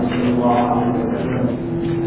صلى الله عليه وسلم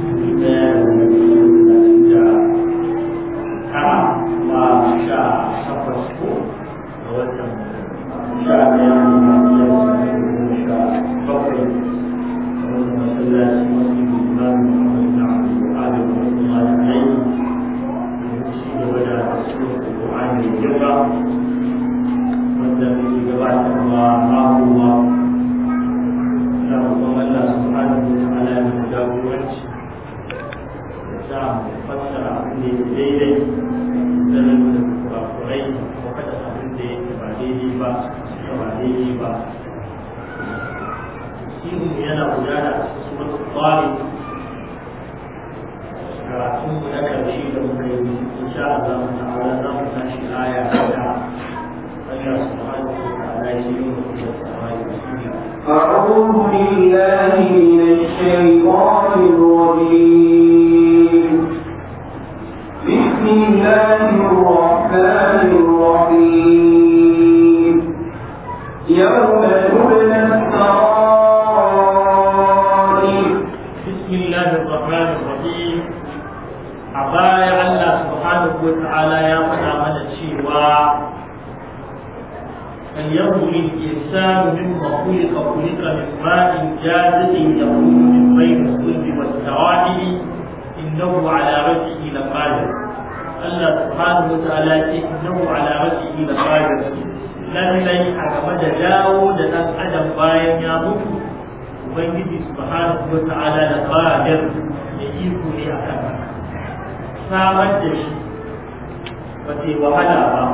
ba sai wahala ba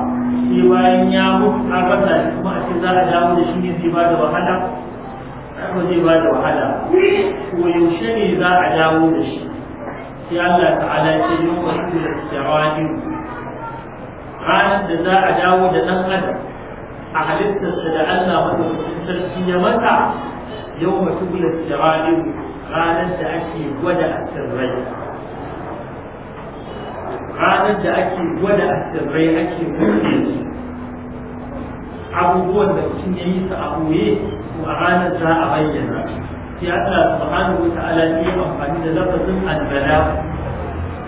shi bayan ya mutu an rasa shi kuma a ce za a dawo da shi ne zai ba da wahala ba zai ba da wahala ko yaushe ne za a dawo da shi sai Allah ta'ala ya ce yau ba wasu da jawani ranar da za a dawo da ɗan adam a halittarsa da Allah madaukakin sarki ya mata yau ba mutu da jawani ranar da ake gwada asirrai ranar da ake gwada asirrai ake gudu abubuwan da mutum ya yi su a boye to a ranar za a bayyana sai Allah subhanahu wa ta'ala ya yi amfani da lafazin albala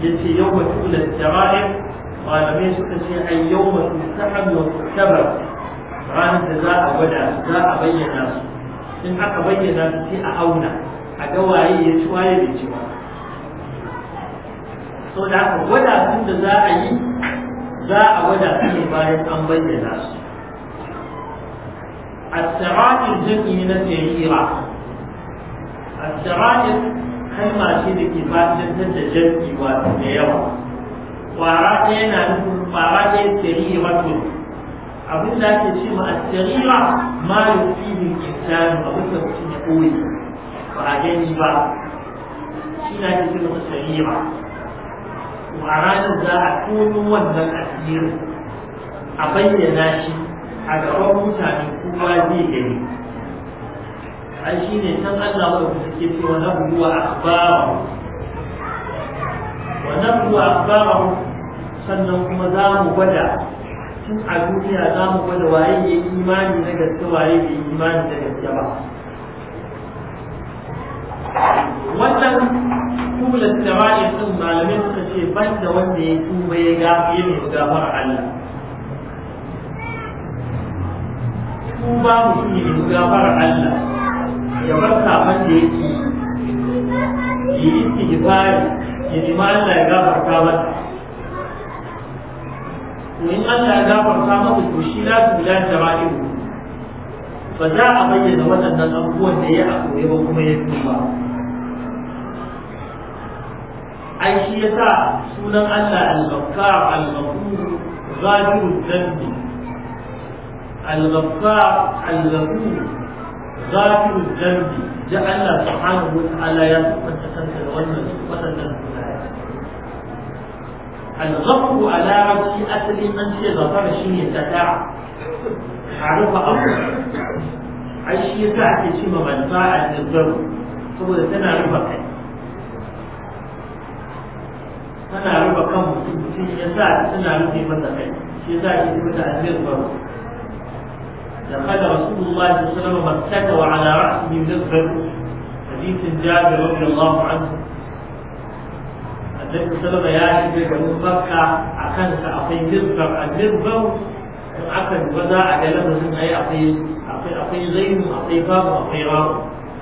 yace yawma tula jama'i malamai suka ce ai su ta wa tabar ranar da za a gwada za a bayyana su in aka bayyana su sai a auna a ga waye ya ci waye bai ci ba Sau da haka wadatun da za a yi za a wada, ne bayan an bayyana su A السرائر na من A السرائر kalma ce da ke fatan da jam'i wato da yawa kwara ɗaya na nufin kwara ɗaya tsiriri wato abin da ake ce ma asirira ma yi filin insani abin da mutum ya ɓoye ba a gani ba shi na ke ce ma asirira to da za a tono wannan asirin a bayyana shi a gaban mutane kuma zai gani an shi ne san Allah wa suke cewa na buwa akbarahu wa na buwa akbarahu sannan kuma za mu gwada tun a duniya za mu gwada waye ya imani na gaske waye bai imani na gaske ba da tawari sun malamai suka ce ban da wanda ya tuba ya ga ya nemi gafara Allah tuba mutum ya nemi gafara Allah ya bar saman da yake yi istighfari ya nemi Allah ya gafarta masa to in Allah ya gafarta masa to shi la tu la tawari ba za a bayyana waɗannan abubuwan da ya a ba kuma ya tuba ai shi sa sunan Allah al-ghaffar al-ghafur ghafiru dhanbi al-ghaffar al-ghafur ghafiru dhanbi ya Allah subhanahu wa ta'ala ya tabbata kanta da wannan wannan al-ghafur ala rashi asali an ce ghafar shine tata harufa abu ai shi yasa ake cewa man fa'a saboda tana rufa tana rufe kan mutum ya sa tana rufe masa kai shi shi رسول الله صلى الله عليه وسلم مكة وعلى رأسه مغفر حديث جابر رضي الله عنه النبي صلى الله عليه وسلم يأتي مكة أكن سأقي مغفر المغفر أكن وذا أجلب زم أي أقي أقي أقي زين أقي فاضل أقي رار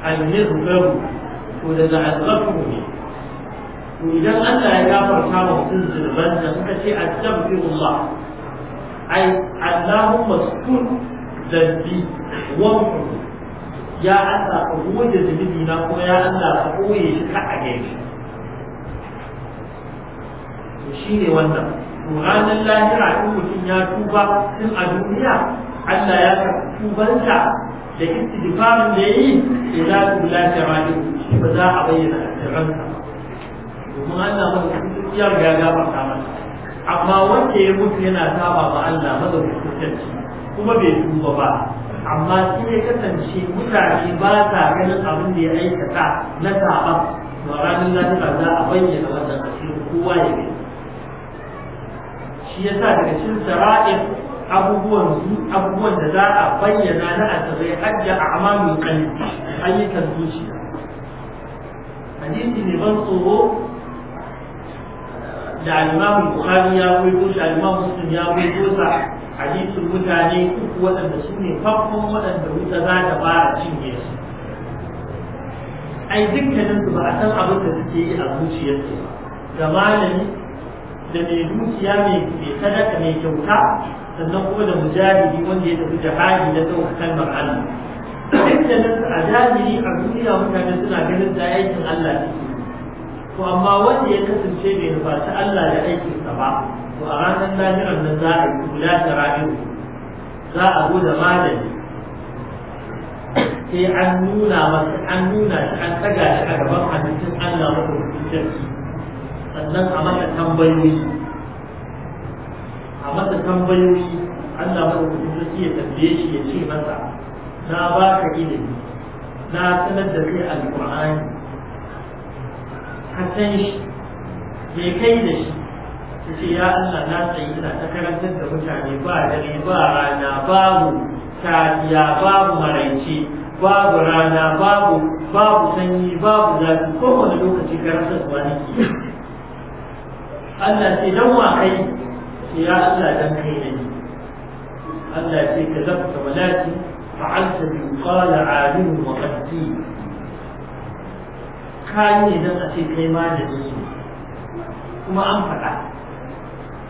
المغفر وذا الغفر to idan Allah ya gafarta wa mutum zunuban da suka ce astaghfirullah ai Allahumma kun zambi wa ya Allah ka goge zunubi na kuma ya Allah ka koye shi ka a gaishe. to shine wannan to ranar lahira in mutum ya tuba tun a duniya Allah ya karɓi tubansa da istighfarin da yi ila tubla ta rajin shi ba za a bayyana a kuma Allah ba ya riga gafarta masa amma wanda ya mutu yana saba ba Allah madaukakin sarki kuma bai tuba ba amma shi ya kasance mutane ba sa ganin abin da ya aikata na saba to ranar ta za a bayyana wannan asirin kowa ya gani shi yasa daga cikin sara'in abubuwan abubuwan da za a bayyana na asirai hajja a amamin kalbi ayyukan zuciya hadisi ne ban tsoro da alimamu buhari ya ruwaito shi alimamu muslim ya ruwaito sa hadisin mutane uku waɗanda su ne farkon waɗanda wuta za ta fara cinye su ai dukkanin su ba a san abin da suke yi a zuciyarsu ba ga malami da mai dukiya mai sadaka mai kyauta sannan kuma da mujahidi wanda ya tafi jihadi na ɗaukar kalmar Allah dukkanin su a jahili a duniya mutane suna ganin da aikin Allah suke to amma wanda ya kasance bai nufaci Allah da aikinsa ba to a ranar lahiran nan za a yi kula da ra'iru za a zo da sai an nuna masa an nuna shi an tsaga shi a gaban hadisin Allah maka hukuncin sannan a mata tambayoyi a mata tambayoyi Allah maka hukuncin ya tambaye shi ya ce masa na ba ka ilimi na sanar da kai alƙur'ani ka san shi me kai da shi ta ce ya Allah na tsayi ina ta karantar da mutane ba dare ba rana babu safiya babu maraice babu rana babu babu sanyi babu zafi wani lokaci karantar da wani ke Allah ce dan wa kai ce ya Allah dan kai da ni Allah ce ka zabta malati fa'alta bi qala alim wa qaddin kayi ne don a ce kai ma da su kuma an faɗa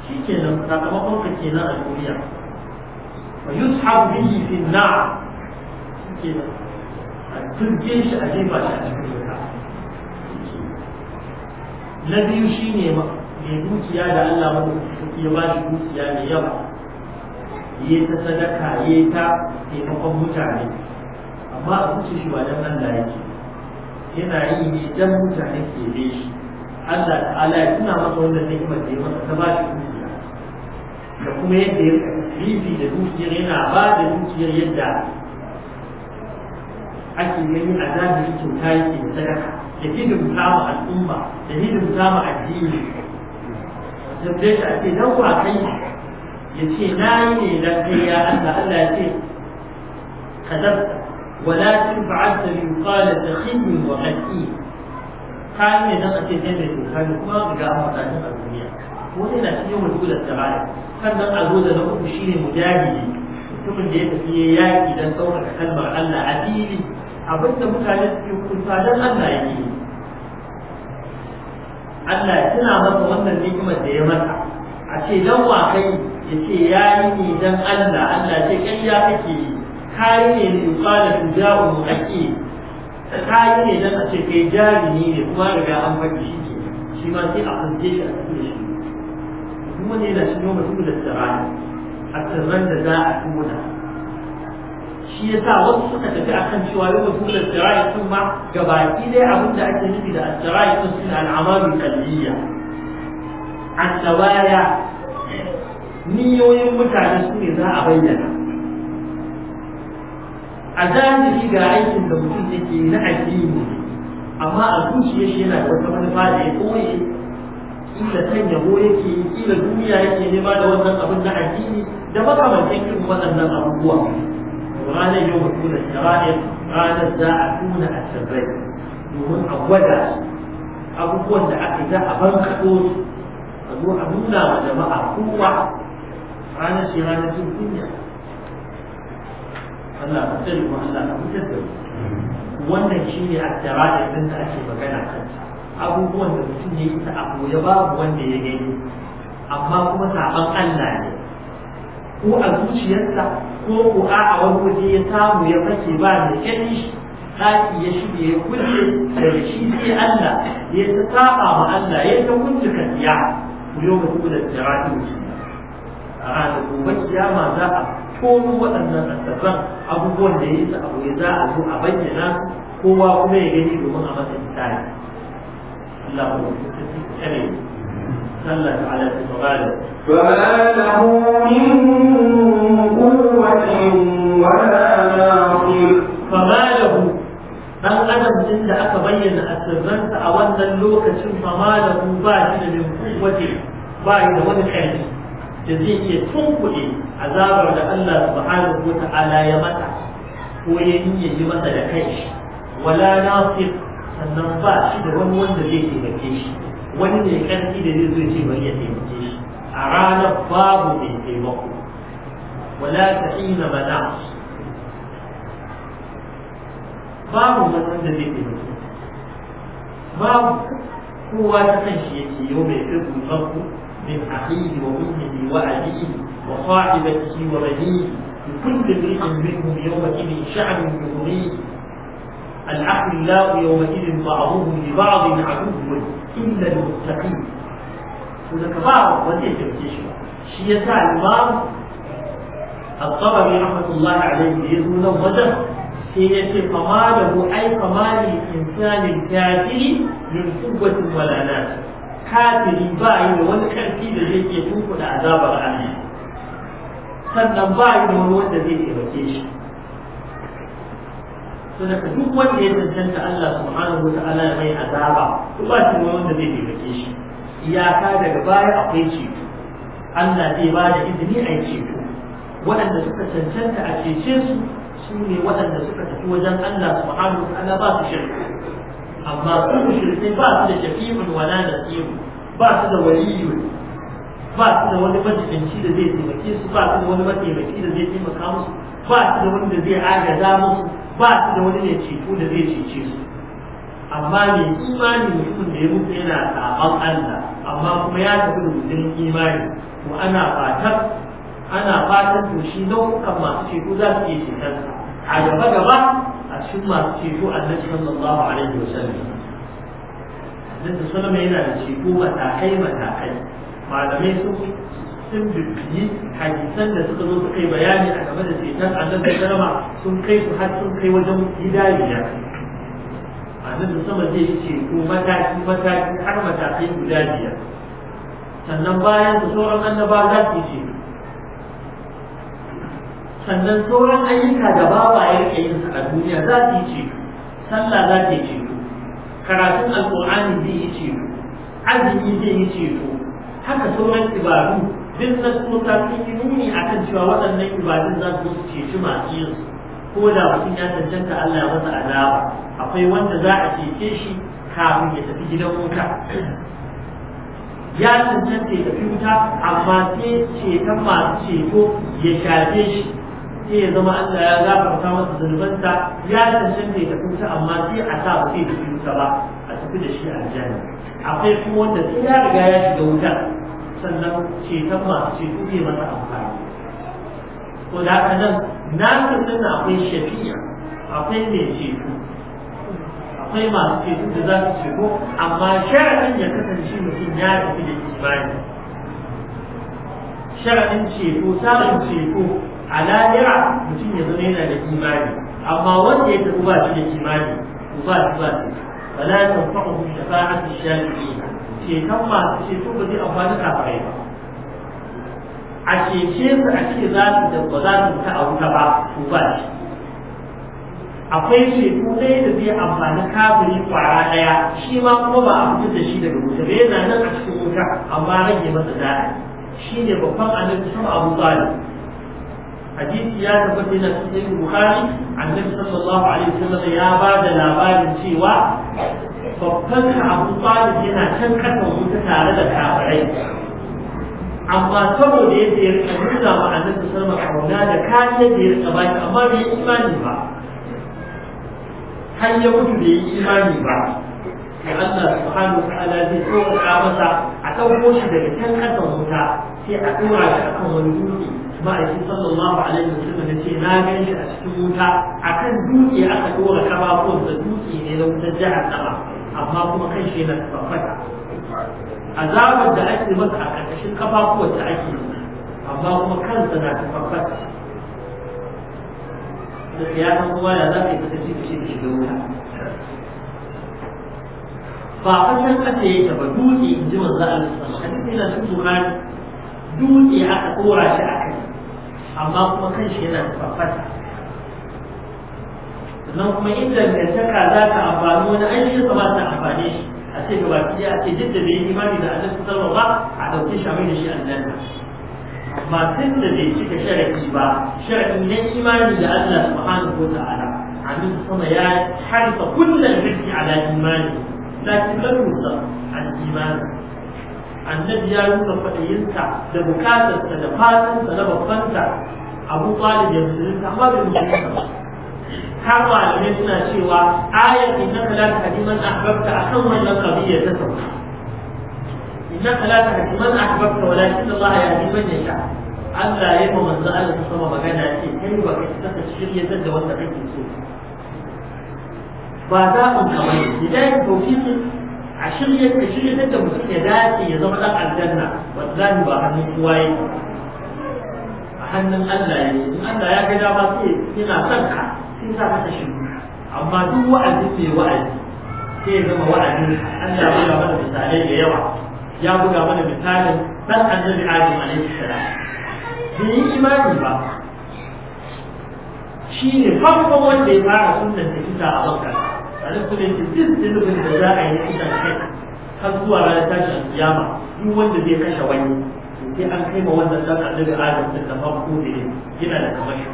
shi ke nan sakamakon ka ke nan a duniya fa yushabu bihi fi na'am shi ke nan a turke shi a jefa shi a cikin wuta na biyu shi ne mai dukiya da Allah maɗaukaki ya ba shi dukiya mai yawa ya ta sadaka ya ta taimakon mutane amma a kuce shi ba don Allah yake yana yi ne dan mutane ke be shi Allah ta'ala ya tuna masa wannan ni'imar da ya masa ta ba shi dukiya da kuma yadda ya Bibi da dukiyar yana ba da dukiyar yadda ake gani a zahiri kyauta yake da sadaka da hidimta ma al'umma da hidimta ma addini tambaye shi a ce dan wa kai ya ce na yi ne dan kai ya Allah Allah ya ce kadar ولا تبعث ليقال سخي وغسيل كان يدق تجنة كان na بقى أمر الدنيا وهنا في يوم الأولى التبعية كان أقول لكم شيء مجاهدي mutumin da ya tafi ya yaƙi don ɗaukaka kalmar Allah a fili abin da mutane suke kunta Allah ya yi. Allah masa wannan ni'imar da ya masa a ce don wa kai ya ce ya yi ni don Allah Allah ce ƙarya kake yi kayi ne da yuqala tuja'u muqi kayi ne dan a ce kai jarumi ne kuma riga an faɗi shi ke shi ma sai a kanke shi a cikin shi kuma ne yana noma mutum da tsara a tsirran da za a tuna shi ya sa wasu suka tafi a kan cewa yau mutum da tsara sun ma gabaki dai abin da ake nufi da tsara sun suna al'amarin kalliya a tsawaya niyoyin mutane su ne za a bayyana a zahiri ga aikin da mutum yake na addini amma a zuciya shi yana da wata manufa da ya koye kila sanya ho yake kila duniya yake nema da wannan abin na addini da makamantan irin waɗannan abubuwa ranar yau mutum da shara'i ranar za a tuna a sirrai domin a gwada abubuwan da aka za a banka su a zo a nuna wa jama'a kowa ranar shi ranar sun duniya Allah ka tsare mu Allah fitar da mu wannan shine addara din da ake magana kansa abubuwan da mutum ya yi ta abu ya babu wanda ya gani amma kuma sabon Allah ne ko a zuciyarsa ko ko a wani waje ya samu ya fake ba da kyanshi ɗaki ya shige ya kulle daga shi sai Allah ya ta saba ma Allah ya ta kuntuka siya ku yau da kudin a ranar gobe kiyama za a koro waɗannan asirran abubuwan da ya yi abu ya za a zo a bayyana kowa kuma ya gani domin a masa misali Allah mu tsare sallah ta'ala ta tsara fala lahu min quwwatin wa la nasir fama lahu dan adam din da aka bayyana asirransa a wannan lokacin fama lahu ba shi da min quwwatin ba shi da wani ƙarfi da zai iya tunkuɗe azabar da Allah subhanahu wa ta'ala ya mata ko ya niyya yi masa da kai wala nasir sannan ba shi da wani wanda zai taimake shi wani mai ƙarfi da zai zo ce bari ya taimake shi a ranar babu mai taimako wala ta'ina mana babu wani da zai taimake babu kowa ta kan shi yake yau mai tsibin ku من أخيه وأمه وأبيه وصاحبته وبنيه لكل امرئ منهم يومئذ شعب يغنيه الأخلاء يومئذ بعضهم لبعض عدو إلا المتقين هناك بعض وليس يكتشف شيء البعض الطبري رحمة الله عليه يقول وجه سيأتي فما له أي فما الإنسان الكافر من قوة ولا ناس kafiri ba yi da wani karfi da zai ke tuku da azabar Allah sannan ba yi da wani wanda zai taimake shi to daga duk wanda ya tantanta Allah subhanahu wa ta'ala ya mai azaba to ba shi wanda zai taimake shi iyaka daga baya akwai ceto Allah zai ba da izini a yi ceto waɗanda suka cancanta a cece su su ne waɗanda suka tafi wajen Allah subhanahu wa ta'ala ba su shirka amma su mushrikai ba su da shafi'un wala nasirun ba su da waliyu ba su da wani majibinci da zai taimake su ba su da wani mataimaki da zai taimaka musu ba su da wani da zai agaza musu ba su da wani ne ceto da zai cece su amma mai imani mutum da ya mutu yana sabon Allah amma kuma ya tafi rubutun imani to ana fatan ana fatan to shi nau'ukan masu ceto za su iya cetonsa a gaba gaba a cikin masu ceto annabi sallallahu alaihi wa sallam annabi sallallahu yana da ceto matakai matakai malamai sun sun bibiyi hadisan da suka zo su kai bayani a game da ceton annabi sallallahu sun kai su har sun kai wajen gida biyar annabi sama zai yi ceto mataki mataki har matakai guda biyar sannan bayan da sauran annaba za su yi ceto sannan sauran ayyuka da bawa ya rike yin a duniya za su yi ceto sallah za ta yi ceto karatun alƙur'ani zai yi ceto azumi zai yi ceto haka sauran ibadu duk na kuma sun yi nuni a kan cewa waɗannan ibadun za su ceci masu yin su ko da mutum ya cancanta Allah ya masa azaba akwai wanda za a cece shi kafin ya tafi gidan wuta ya cancanta ya tafi wuta amma sai ceton masu ceto ya shafe shi sai ya zama Allah ya gafarta masa zunubansa ya cancanta ya tafi amma sai a sa ba sai tafi wuta ba a tafi da shi aljanna akwai kuma wanda sai ya riga ya shiga wuta sannan ceton masu ceto zai masa amfani to da haka nan na san akwai shafi'a akwai mai ceto akwai masu ceto da za su ceto amma sha'anin ya kasance mutum ya tafi da imani sha'anin ceto sa'in ceto a lahira mutum ya zama yana da imani amma wanda ya tafi ba shi da imani to ba shi ba shi wala tanfa'uhu shafa'atu shafi'in ceton masu ceto ba zai amfani kafarai ba a cece su a ce za su da ba za su ta a wuta ba to ba shi akwai ceto ɗaya da zai amfani kafiri kwara ɗaya shi ma kuma ba a fitar da shi daga wuta ba yana nan a cikin wuta amma rage masa daɗi shi ne babban annabi sama abu talib hadisi ya tabbata yana cikin bukhari annabi sallallahu alaihi wasallam ya ba da labarin cewa babban abu talib yana can kasan wuta tare da kafirai amma saboda yadda ya rika nuna wa annabi sallallahu alaihi wasallam da kariya da ya rika baki amma bai imani ba har ya mutu bai yi imani ba da Allah subhanahu wa ta'ala zai a ɗauko shi daga can wuta sai a ɗora wani a ma'aikin sallallahu alaihi wasallam ya ce na gan shi a cikin wuta akan dutse aka dora kafafuwan da dutse ne na wutar jihar sama amma kuma kan shi yana tabbata azabar da ake masa a ƙarƙashin kafafuwan ta ake amma kuma kansa na tabbata da ya san kowa ya za ka yi kasance da shi da shiga wuta ba fashin ƙasa yake ba dutse in ji manzo Allah sallallahu alaihi wasallam hadisi na cikin Bukhari dutse aka dora shi a kai amma kuma kan shi yana da farfata sannan kuma inda in dangantaka za ka amfani wani an shi ba ta amfane shi a ce gaba ki a ce duk da bai imani da Allah ta sarwa ba a dauke shi a mai da shi aljanna amma tun da bai cika sharadi ba sharadi ne imani da Allah subhanahu wa ta'ala amin sama ya harfa kullum rizki ala imani lakin lam yusab an imani annabi ya nuna fadayinsa da bukatarsa da fatansa na babbansa abu talib ya musulunta amma bai musulunta ba har malamai suna cewa ayar innaka la tahdi man ahbabta akan wannan qadiyya ta sauka innaka la tahdi man ahbabta walakin Allah yahdi man yasha Allah ya yi manzo Allah ta sama magana ce kai ba kai saka shirye da wanda kake so ba za mu kamar idan tawfiqi a shirye ka shirye da mutum ya dace ya zama dan aljanna wallahi ba hannun kowa a hannun Allah ya yi Allah ya gada dama sai yana son ka sai sa maka shi amma duk wa'azi ne wa'azi sai ya zama wa'azi Allah ya buga mana misalai da yawa ya buga mana misalin dan annabi Adam alaihi salam bai yi imani ba shi ne farkon wanda ya fara sunan da kita a bakar a nan kuma yake duk zunubin da za a yi na kisan kai har zuwa ranar tashin kiyama duk wanda zai kashe wani sai an kai ma wannan dan annabi adam da ta farko da yana da kamar shi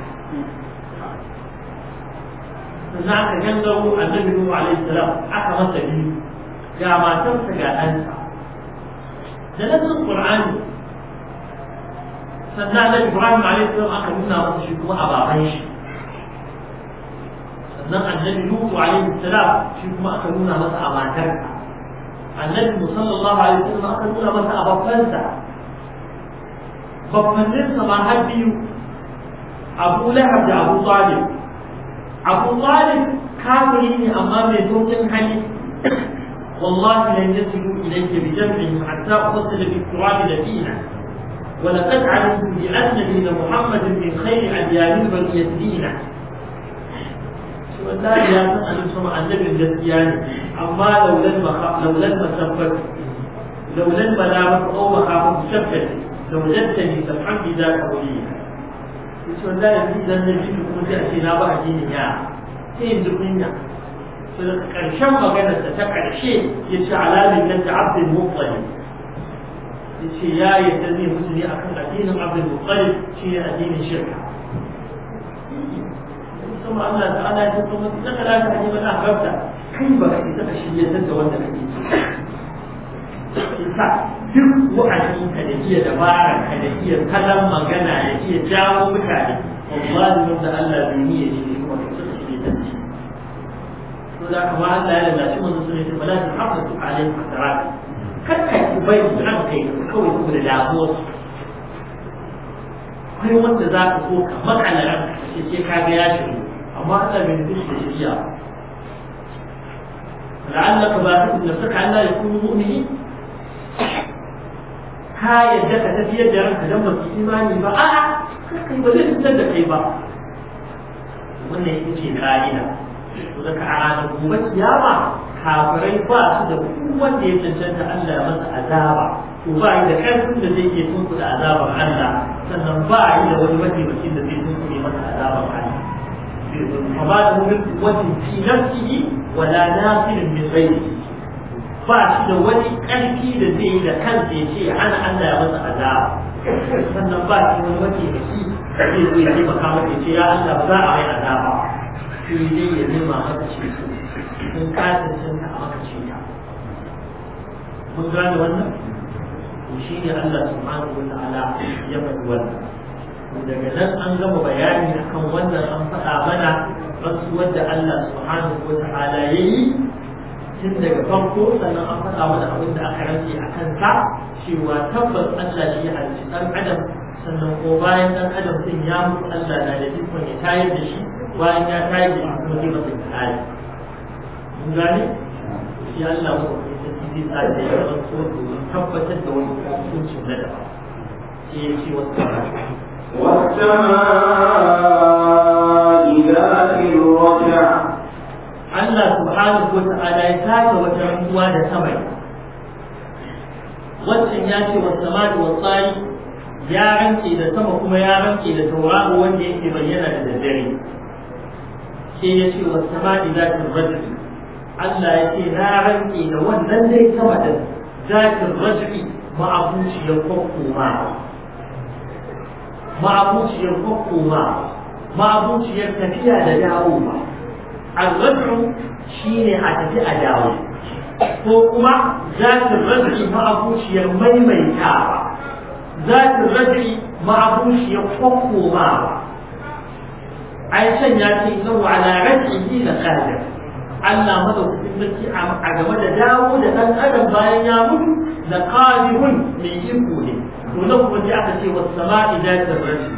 za ka gangaro annabi nuhu alaihi salam aka masa biyu ga matarsa ga ɗansa da nasin qur'ani sannan annabi ibrahim alaihi salam aka nuna masa shi kuma a baban shi sannan annabi lutu alaihi salam shi kuma aka nuna masa a matarsa annabi musallallahu alaihi wasallam aka nuna masa a babbansa babbanninsa ma har biyu abu lahab da abu talib abu talib kafiri ne amma mai dokin hali والله لن يصلوا إليك بجمعهم حتى أرسل بالتراب لدينا ولقد علمت بأن دين محمد من خير أديان بني يسرينا wallahi ya san annabi sama annabin gaskiya ne amma laulan ba laulan ba tabbat laulan ba la ba ko ba ka mu tabbat da wajattani sab'an bi da qawliya yace wallahi ni dan ne bi kuma sai a ce na ba addini ya sai yanzu kunya sai karshen maganar ta ta ya ce alamin nan da abdul Ya ce ya yadda zai mutu ne akan addinin abdul mutalib shi ne addinin shirka sama Allah ta'ala ya ce kuma saka da ka ji mana haramta kai ba ka isa ka shiryatar da wanda kake isa duk wa'azi ka da jiya dabara ka da jiya kalan magana ya jiya jawo mutane wallahi wanda Allah bai kuma ka da shi to da kuma Allah ya lalace mun sun ce bala ta hafazu alaihi hasarat kakka ki bai ran kai kawai kuma da damuwa akwai wanda za ka so ka makala ranka sai ka ga ya shiru amma Allah bai nufi da shari'a la'allaka ba ta da saka Allah ya kuma mu'mini ka yadda ka tafiyar da ranka dan baki imani ba a'a kai ba zai fitar da kai ba wannan ita ce ka'ida to da ka a gobe kiyama kafirai ba su da wanda ya cancanta Allah ya masa azaba to ba yi da karfin da zai ke da azabar Allah sannan ba yi da wani mataimakin da zai tunkuɗe masa azabar Allah وما له من قوة في نفسه ولا ناصر من غيره ba shi da wani ƙarfi da zai yi da kansa ya ce ana Allah ya masa azaba sannan ba shi wani mataimaki zai zo ya taimaka masa ya ce ya Allah za a mai azaba sai dai ya nema maka ce su sun kasa sun ka maka ce ta mun gane wannan to shi ne Allah ya daga nan an gama bayani akan wannan an faɗa mana rantsuwar da Allah subhanahu wa ta'ala ya yi tun daga farko sannan an faɗa mana abin da aka rantse a kansa cewa tabbas Allah shi ya halicci ɗan adam sannan ko bayan ɗan adam sun ya mutu Allah na da ikon ya tayar da shi bayan ya tayar da shi kuma zai masa tsari. Mun gane? Shi Allah mu zai tsari da yawan tsoro domin tabbatar da wani hukuncin na daban. Sai ya ce wasu Allah ذات الرجع الله سبحانه وتعالى wata وتعمدوا da سمعي wancan ya ce wa sama da wa ya rance da sama kuma ya rance da tauraro wanda yake bayyana da daddare sai ya ce wa sama da zatin rajuli Allah ya ce na rance da wannan dai sama da zatin rajuli ma'abuciyar kwakkoma ma'abuciyar ma, ma'abuciyar tafiya da dawowa al-raj'u shine a tafi a dawo ko kuma zatin raj'i ma'abuciyar maimaitawa zatin raj'i ma'abuciyar kokomawa ai sanya ce zau ala raj'ihi la qadir Allah kuɗin sarki a game da dawo da dan adam bayan ya mutu da qadirun mai iko to na kuma ji aka ce wasu sama'i zatin rabi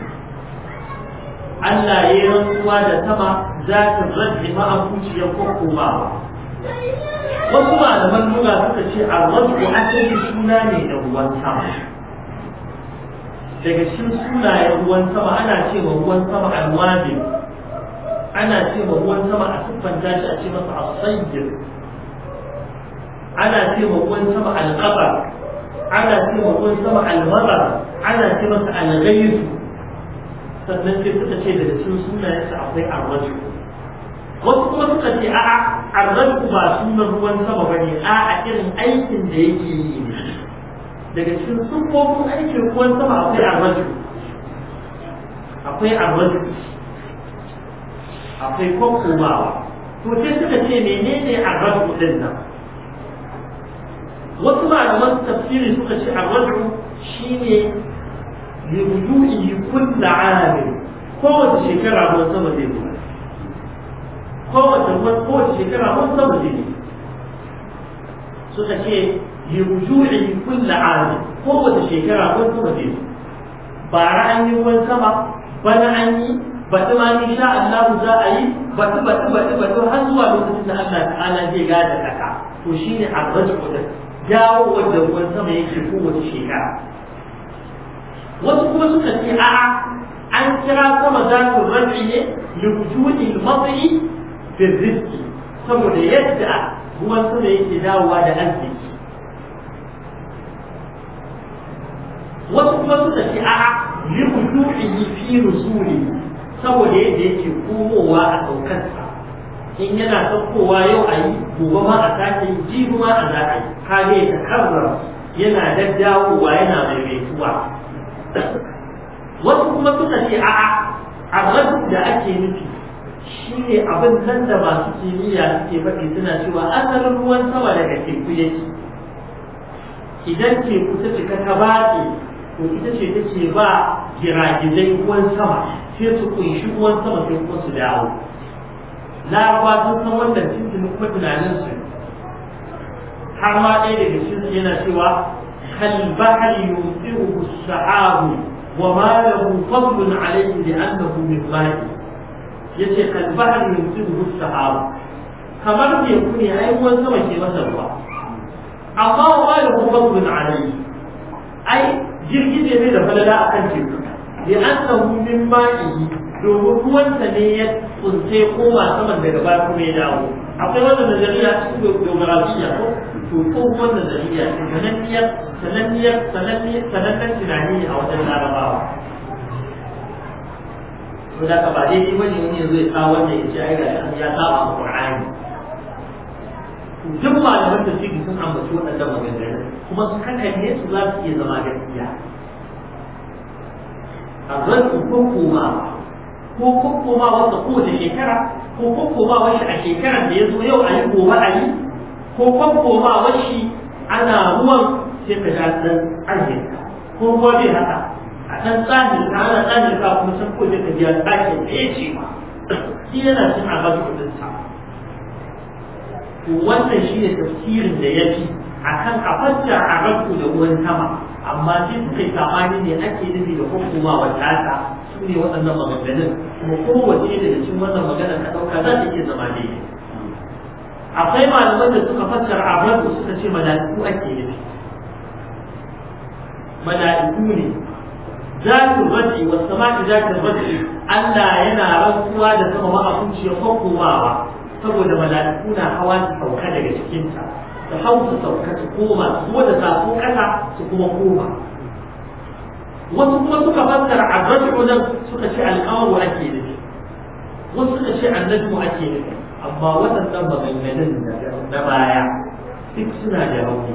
Allah ya yi rantsuwa da sama zatin rabi ma abuciyar ba. wasu malaman nuna suka ce a rabu asali suna ne da ruwan sama daga cikin sunayen ruwan sama ana ce ma ruwan sama alwabi ana ce ma ruwan sama a siffanta shi a ce masa asayyir ana ce ma ruwan sama alƙabar ana ce ma ruwan sama almara ana ce masa alghayr sannan sai suka ce daga cikin sunayensa akwai arraju wasu kuma suka ce a'a arraju ba sunan ruwan sama ne, a'a irin aikin da yake yi ne daga cikin sunfofin aikin ruwan sama akwai armaju akwai armaju akwai kwakwabawa to sai suka ce menene armaju din nan wasu malaman tafsiri suka ce a shi ne arwadu shine yuruyi kullu amin kowace shekara ruwan sama zai zo kowace kowace shekara ruwan sama zai zo suka ce yuruyi kullu amin kowace shekara ruwan sama zai zo Ba an yi ruwan sama bana an yi ba ma ni sha Allah za a yi ba, ba batu batu batu har zuwa lokacin da Allah ta'ala zai gada kaka to shine arraj'u da dawo wanda ruwan sama yake kowace shekara wasu kuma suka ce a'a an kira sama za ku rabi ne lujudin matsayi bin riski saboda yadda ruwan sama yake dawowa da arziki wasu kuma suka ce a'a lujudin fi rusuli saboda yadda yake komowa a saukarsa in yana saukowa yau a yi gobe ma a sake ji ma a za a yi kage ta karrar yana daddawowa yana maimaituwa wasu kuma suka ce a'a rabin da ake nufi shi ne abin nan da masu kimiyya suke faɗi suna cewa asalin ruwan sama daga teku yake idan teku ta cika ta baƙi, to ita ce take ba giragizai ruwan sama sai su kunshi ruwan sama sai kuma su dawo laraba sun san wannan cikin kuma tunanin su har ma ɗaya daga cikin yana cewa kalbahar yusiru sha'abu wa ma lahu fadlun alayhi li annahu min ma'i yace kalbahar yusiru sha'abu kamar me ku ne ai ruwan sama ke masa ruwa amma wa ma lahu fadlun alayhi ai jirgi ne da falala akan teku li'annahu min ma'ihi domin ruwansa ne ya tsunce koma saman daga baya kuma ya dawo akwai wannan nazariya cikin geografiya ko to ko wannan nazariya sananniyar sananniyar sananniyar sanannen tunani a wajen larabawa to da ka ba daidai wani ne zai kawo wanda ya ce ai ga ya saba ma qur'ani duk malaman da suke sun ambaci waɗannan maganganun kuma su kakan ne su za su iya zama gaskiya الرجل كوكوما ko kokkoma wanda kowace shekara ko kokkoma washi a shekarar da ya zo yau a yi gobe a yi ko kokkoma washi ana ruwan sai ka ja ɗan arzinka ko kuma bai haka a ɗan tsamin ka ana tsamin ka kuma san ko sai ka biya tsakin da ya ce ma shi yana cin abin kuɗin sa wannan shi ne tafsirin da ya fi kan a fassara a rabku da ruwan sama amma sai suka yi sabani ne ake nufi da hukuma wa tata su ne waɗannan maganganun kuma kowace daga cikin wannan magana ka ɗauka za ta iya zama ne. akwai malaman da suka fassara abadu suka ce mala'iku ake nufi mala'iku ne ذات الرجع والسماء ذات الرجع Allah yana rantsuwa da sama ma'abuciyar hukumawa saboda mala'iku na hawa su sauka daga cikinta su hau su sauka su koma su da safo kasa su kuma koma wasu kuma suka fassara arraj'u nan suka ce al'awu ake nufi wasu suka ce annajmu ake nufi amma waɗannan maganganun na baya duk suna da rauni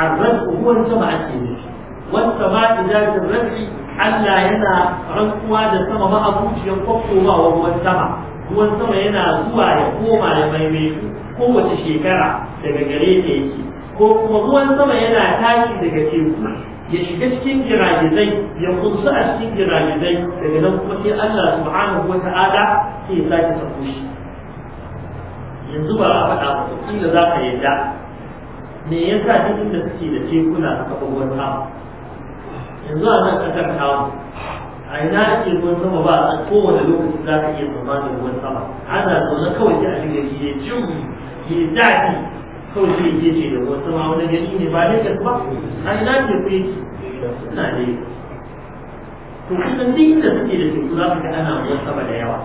arraj'u ruwan sama ake nufi wata ma idan rabi Allah yana rantsuwa da sama ma abuciyar kwakkowa ruwan sama ruwan sama yana zuwa ya koma ya maimaitu kowace shekara daga gare ta yake ko kuma ruwan sama yana tashi daga teku ya shiga cikin jiragizai ya kunsu a cikin jiragizai daga nan kuma sai Allah subhanahu wa ta'ala sai ya sake sako shi yanzu ba a faɗa ba inda za ka yadda me yasa duk inda suke da tekuna aka ga ruwan sama yanzu a nan ƙasar tamu a ina ake ruwan sama ba a kowane lokaci za ka iya tsammanin ruwan sama ana zaune kawai sai a shiga shi ya jiwu ya daɗi kawai sai ya ce da wasu ma wani gari ne ba da ba an na ce ku na ne to kusan duk inda suke da teku za ka ga ana ruwan sama da yawa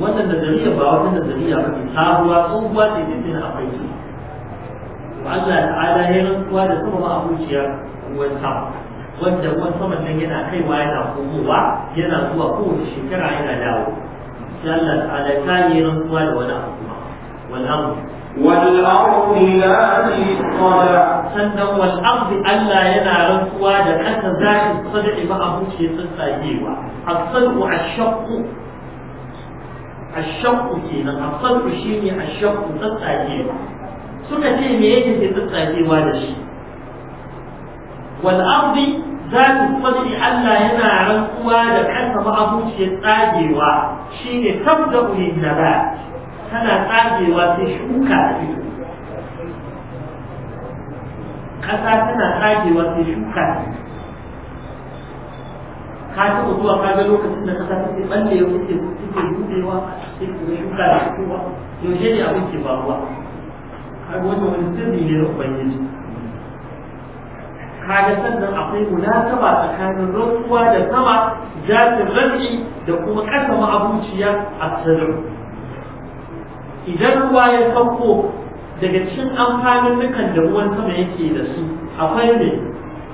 wannan nazariya ba wata nazariya ba ce sabuwa tsohuwa ce da tana akwai su Allah ta'ala ya rantsuwa da sama ma abuciyar ruwan sama wanda ruwan saman nan yana kaiwa yana komowa yana zuwa kowace shekara yana dawo Allah ta'ala ta yi rantsuwa da wani abu kuma wal amr wal ardi lati sada sannan wal ardi Allah yana rantsuwa da kasa zaki sada ba abu ce tsagewa asadu ashaqqu kenan shine suka ce da shi kuma kwanci Allah yana rantsuwa da kansa ma'abuciyar tsagewa shi ne tabda uyin da ba tana tsagewa sai shuka a fito ƙasa tana tsagewa sai shuka a fito ka taɓa zuwa ka ga lokacin da ƙasa take ɓallewa take take buɗewa sai ka shuka da fitowa yaushe ne abin ke faruwa har wannan wani sirri ne da ubangiji kaga sannan akwai munasaba tsakanin rantsuwa da sama jafin rabi da kuma ƙasa ma'abuciya a sirri idan ruwa ya sauko daga cikin amfanin nukan da ruwan sama yake da su akwai ne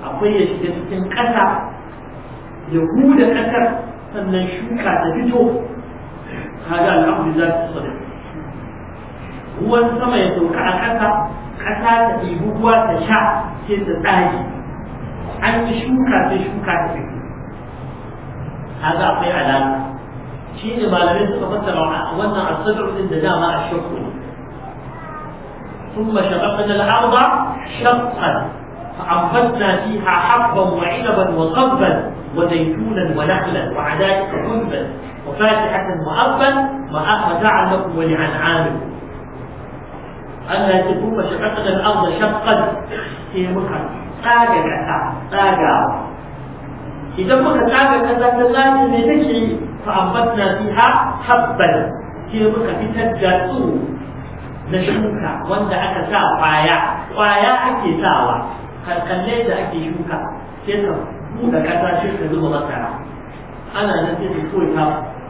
akwai ya shiga cikin ƙasa ya huda ƙasar sannan shuka ta fito kaga al'amuri za su sada ruwan sama ya sauka a ƙasa ƙasa ta ɗibi ruwa ta sha sai ta tsage an yi shuka sai shuka ta fito kaga akwai alama shi ne malamai suka fassara wannan asadar din ثم شققنا الأرض شقا فأنبتنا فيها حبا وعنبا وقبا وزيتونا ونخلا وحدائق كلبا وفاكهة وأبا متاعا لكم ولأنعامكم ألا تكون شققنا الأرض شقا هي مكة tsaga kasa tsaga idan muka tsaga kasa ta zafi ne take yi na fi ha habbal Ke muka fitar da su na shuka wanda aka sa kwaya kwaya ake sawa kalkalle da ake shuka sai ka buɗe kasa shi ka zuba masara ana nan sai ka kawai ta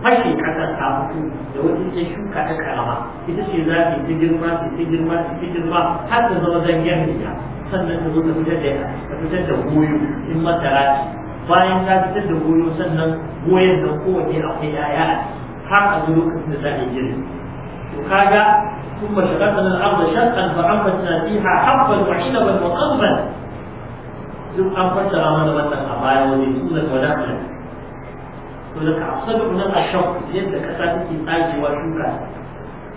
fashe kasar ta mutu da wata sai shuka ta karama ita ce za ta girma ta girma ta girma har ta zama zangen riga sannan ka zo ka fitar da ka fitar da goyo in masara bayan ka fitar da goyo sannan goyon nan kowanne akwai yaya har a zo lokacin da za a yi girbi to kaga ثم شققنا الأرض شقا فأنبتنا فيها حبا وعنبا وقضبا duk an fassara mana wannan a baya wani tunan wadatar to da ka asabu na ashau yadda kasa take tsagewa shuka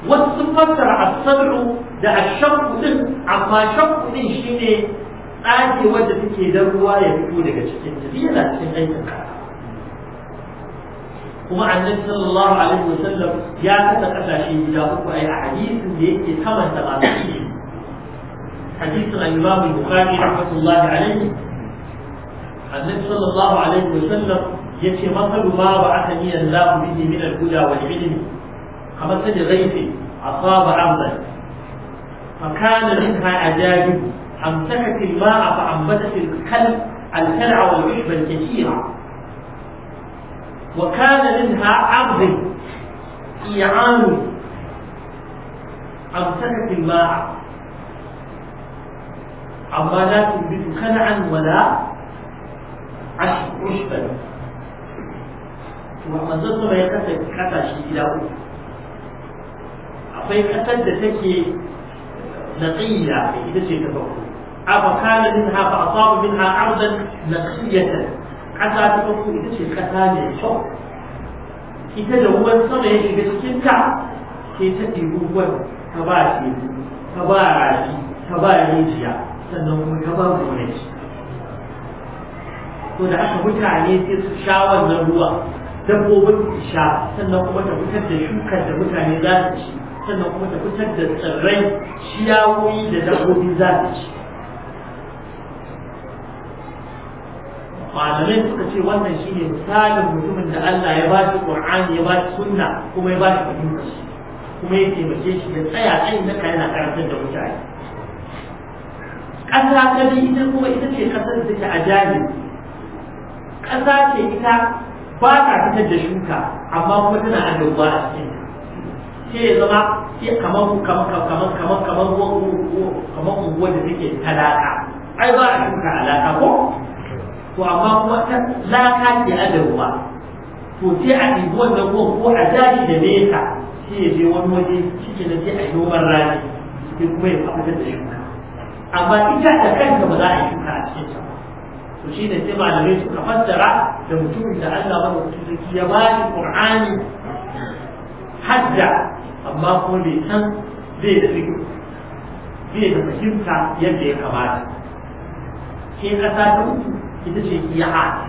wasu sun fassara asabu da a ashau din amma shakku din shine tsage wanda suke dan ruwa ya fito daga cikin ta yana cikin aikin ka kuma annabi sallallahu alaihi wasallam ya kasa kasashe gida uku ai a hadisin da yake kamanta masu حديث الإمام البخاري رحمة الله عليه النبي صلى الله عليه وسلم يتي مثل ما بعثني الله به من الهدى والعلم كمثل غيث أصاب عبدا فكان منها أجاجب أمسكت الماء فأنبتت الكلب الكلع والعشب الكثيرة وكان منها عرض إيعان أمسكت الماء أما لا تنبت خلعا ولا عشبا ومنزل ما يكتب كتا شيء أخوي كتر da take نقيلة إذا أبو كان منها فأصاب منها أرضا نقية حتى تكون إذا شيء كتان يشوف في تلوان صنع إذا شيء كعب في تلوان تباشي تباشي تباشي سنوه كبار ونش ko da aka wuce a ne sai su sha wannan ruwa dabbobin su sha sannan kuma ta fitar da shukar da mutane za su ci sannan kuma ta fitar da tsirrai ciyawoyi da dabbobi za ta ci malamai suka ce wannan shi ne misalin mutumin da Allah ya ba shi Qur'ani ya ba shi sunna kuma ya ba shi fahimta shi kuma ya taimake shi ya tsaya tsayin daka yana karantar da mutane ƙasa ta bi ita kuma ita ce ƙasar da take a jami ƙasa ce ita ba ta fitar da shuka amma kuma tana annoba a cikin sai ya zama sai kamar kamar kamar kamar kamar kamar unguwar da take talaka ai ba a shuka alaka ko to amma kuma ta laka ke ada ruwa to sai a ɗibi wannan ruwan ko a jari da nesa sai ya je wani waje cike na sai a yi noman rani sai kuma ya faɗi da shuka amma ita da kanta ba za a yi shuka a cikin ta to shi ne sai malamai suka fassara da mutumin da Allah ba da mutum ya ba shi Qur'ani hadda amma kuma bai san zai da zai da fahimta yadda ya kamata Ke ƙasa ta uku ita ce kuma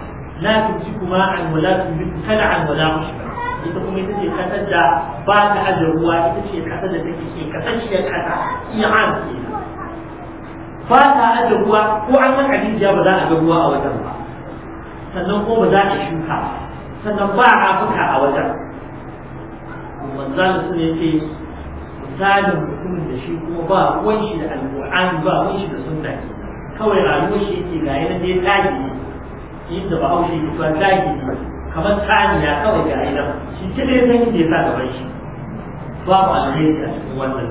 la tumsiku ma'an bi la tumsiku kal'an wa la mushrik ita kuma ita ce kasar da ba ta hajar ruwa ita ce kasar da take ke kasashiyar kasa iran ke ba ta hajar ruwa ko an san hadisiya ba za a ga ruwa a wajen ba sannan ko ba za a shuka sannan ba a fuka a wajen manzan sun yake misalin mutumin da shi kuma ba ruwan shi da alƙur'ani ba ruwan shi da sunna ke kawai rayuwar shi yake ga yana dai tsagi inda ba haushe ke tuwa tsagi kamar tsaniya kawai ga yana shi kadai zan yi da ya sa gaban shi ba mu alheri a cikin wannan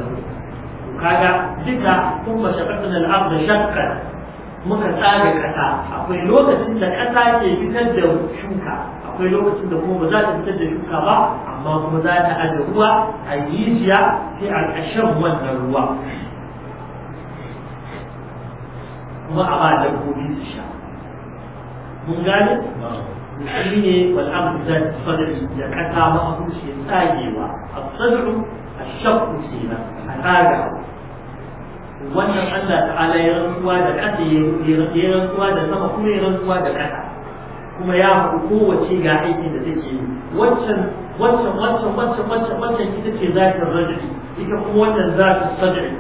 kaga duka kun ba shafatin al'ab da shakka muka tsaga kasa akwai lokacin da kasa ke fitar da shuka akwai lokacin da kuma ba za ta fitar da shuka ba amma kuma za ta aje ruwa a rijiya sai a ƙashen wannan ruwa kuma a ba da gobe su sha mun gane shi ne wal'amur da sadari da kasa ma'abuci tsagewa a sadaru a shakku nan a tsagawa wannan Allah ta'ala ya rantsuwa da ƙasa ya rantsuwa da sama kuma ya rantsuwa da ƙasa kuma ya haɗu kowace ga aikin da take yi wancan wancan wancan wancan wancan wancan ita ce za ta rajuli ita kuma wannan za ta sadri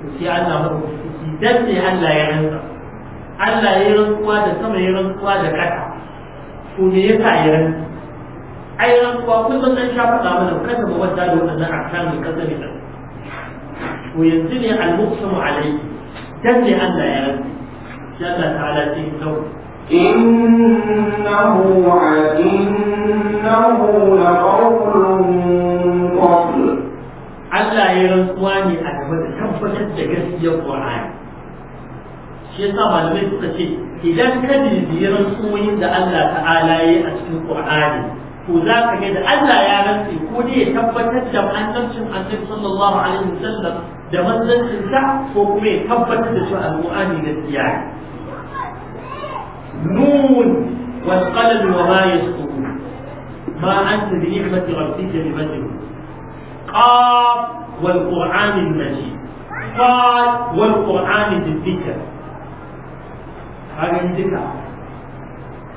to sai Allah mu ciki dan ne Allah ya rantsa Allah ya rantsuwa da sama ya rantsuwa da ƙasa to me yasa ya rantsa ai rantsuwa kullum dan sha faɗa mana kada mu wadda da wannan akamin kasa ne to yanzu ne al-muqsimu alayhi dan ne Allah ya rantsa دلت على تلك إنه إنه لقول قبل Allah ya rantsuwa ne a game da tabbatar da gaskiyar Qur'ani shi yasa malamai suka ce idan ka bibiyi rantsuwoyin da Allah ta'ala ya yi a cikin Qur'ani to za ka ga da Allah ya rantsi ko ne ya tabbatar da annabcin Annabi sallallahu alaihi wasallam da manzancin sa ko kuma ya tabbatar da cewa Al-Qur'ani gaskiya ne نون والقلم وما يسطرون ما أنت بنعمة ربك بمجنون قاف والقرآن المجيد قال والقرآن الذكر هذا الذكر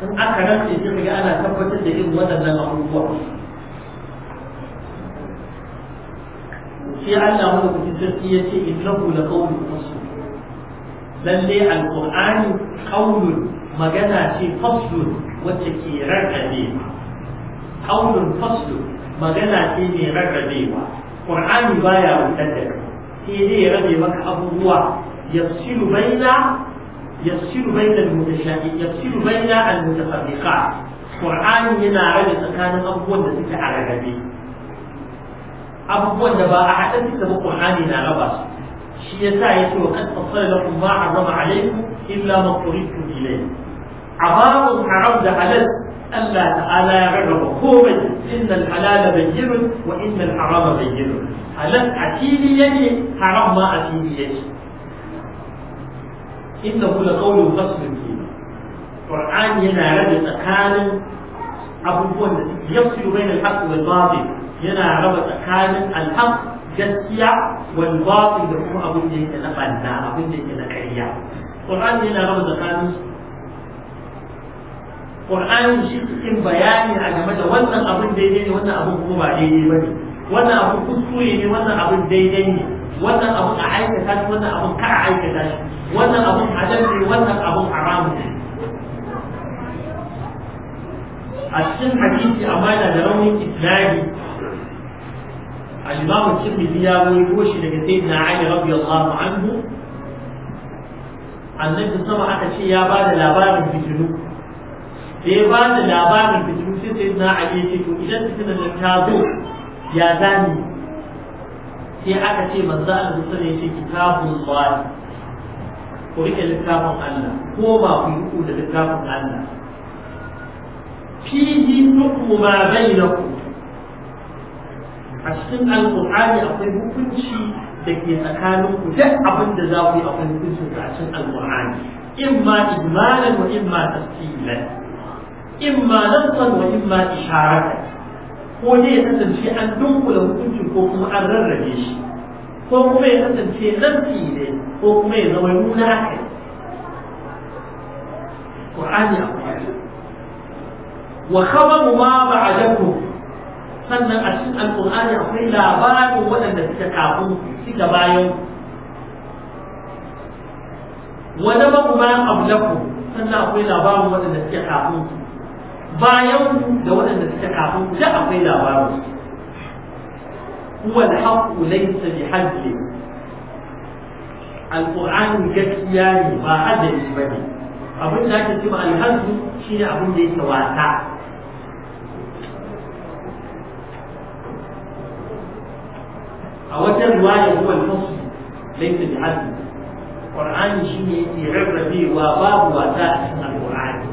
in aka rantse shi ga ana tabbatar da irin waɗannan abubuwa sai Allah mu kuma sarki ya ce innahu la qawlun rasul lalle alqur'ani qawlun magana ce faslun wacce ke rarrabewa kaulun faslun magana ce mai rarrabewa qur'ani baya wutar da sai dai ya rabe maka abubuwa yafsilu baina yafsilu baina al-mutashabi yafsilu baina al-mutafarriqat qur'ani yana rabe tsakanin abubuwan da suke a rarrabe abubuwan da ba a haɗa suka ba qur'ani na raba su شيء سايس وقد أصل لكم ما عظم عليكم إلا ما اضطربتم إليه عظام عرض على الله تعالى يعرف قوما إن الحلال بين وإن الحرام بين على أتيني يعني حرام ما أتيني إنه لقول فصل فيه القرآن ينعرض تكان أبو فون يفصل بين الحق والباطل ينعرض تكان الحق gaskiya wal batil da kuma abin da yake na banna abin da yake na ƙarya ne na raba tsakanin qur'ani shi cikin bayani a game da wannan abin daidai ne wannan abin kuma ba daidai bane wannan abin kuskure ne wannan abin daidai ne wannan abin a aikata shi wannan abin kar a aikata shi wannan abin halal ne wannan abin haram ne a cikin hadisi amana da raunin islami A limamin at-tirmidhi ya rawaito shi daga sayyidina ali radiyallahu anhu annabi sama aka ce ya bada da labarin fitilu da ya ba labarin fitilu sai sayyidina ali ya ce to idan fitilan ta zo ya zani sai aka ce manzo Allah sun ne ce kitabul Allah ko rike littafin Allah ko ba ku yi da littafin Allah fihi hukmu ma bainakum a cikin alƙur'ani akwai hukunci da ke tsakanin ku duk abin da za ku yi akwai hukuncin a cikin alƙur'ani in ma ijmalan wa in ma tafsilan in ma nassan wa in ma isharatan ko ne ya kasance an dunkula hukuncin ko kuma an rarrabe shi ko kuma ya kasance nassi ne ko kuma ya zama nuna aka yi ƙur'ani akwai wa khabaru ma ba'adakum sannan a cikin alƙur'ani akwai labarin waɗanda suka kafin suka bayan wani babu bayan ablaku sannan akwai labarin waɗanda suka kafin bayan da waɗanda suka kafin da akwai labarin huwa al-haqqu laysa bi hajji alƙur'ani gaskiya ne ba hadari bane abin da ake cewa al-hajju shine abin da yake wasa a wata riwaya huwa al-fasl laysa bi-hazm qur'ani shine yake rarrabewa babu wata a cikin al-qur'ani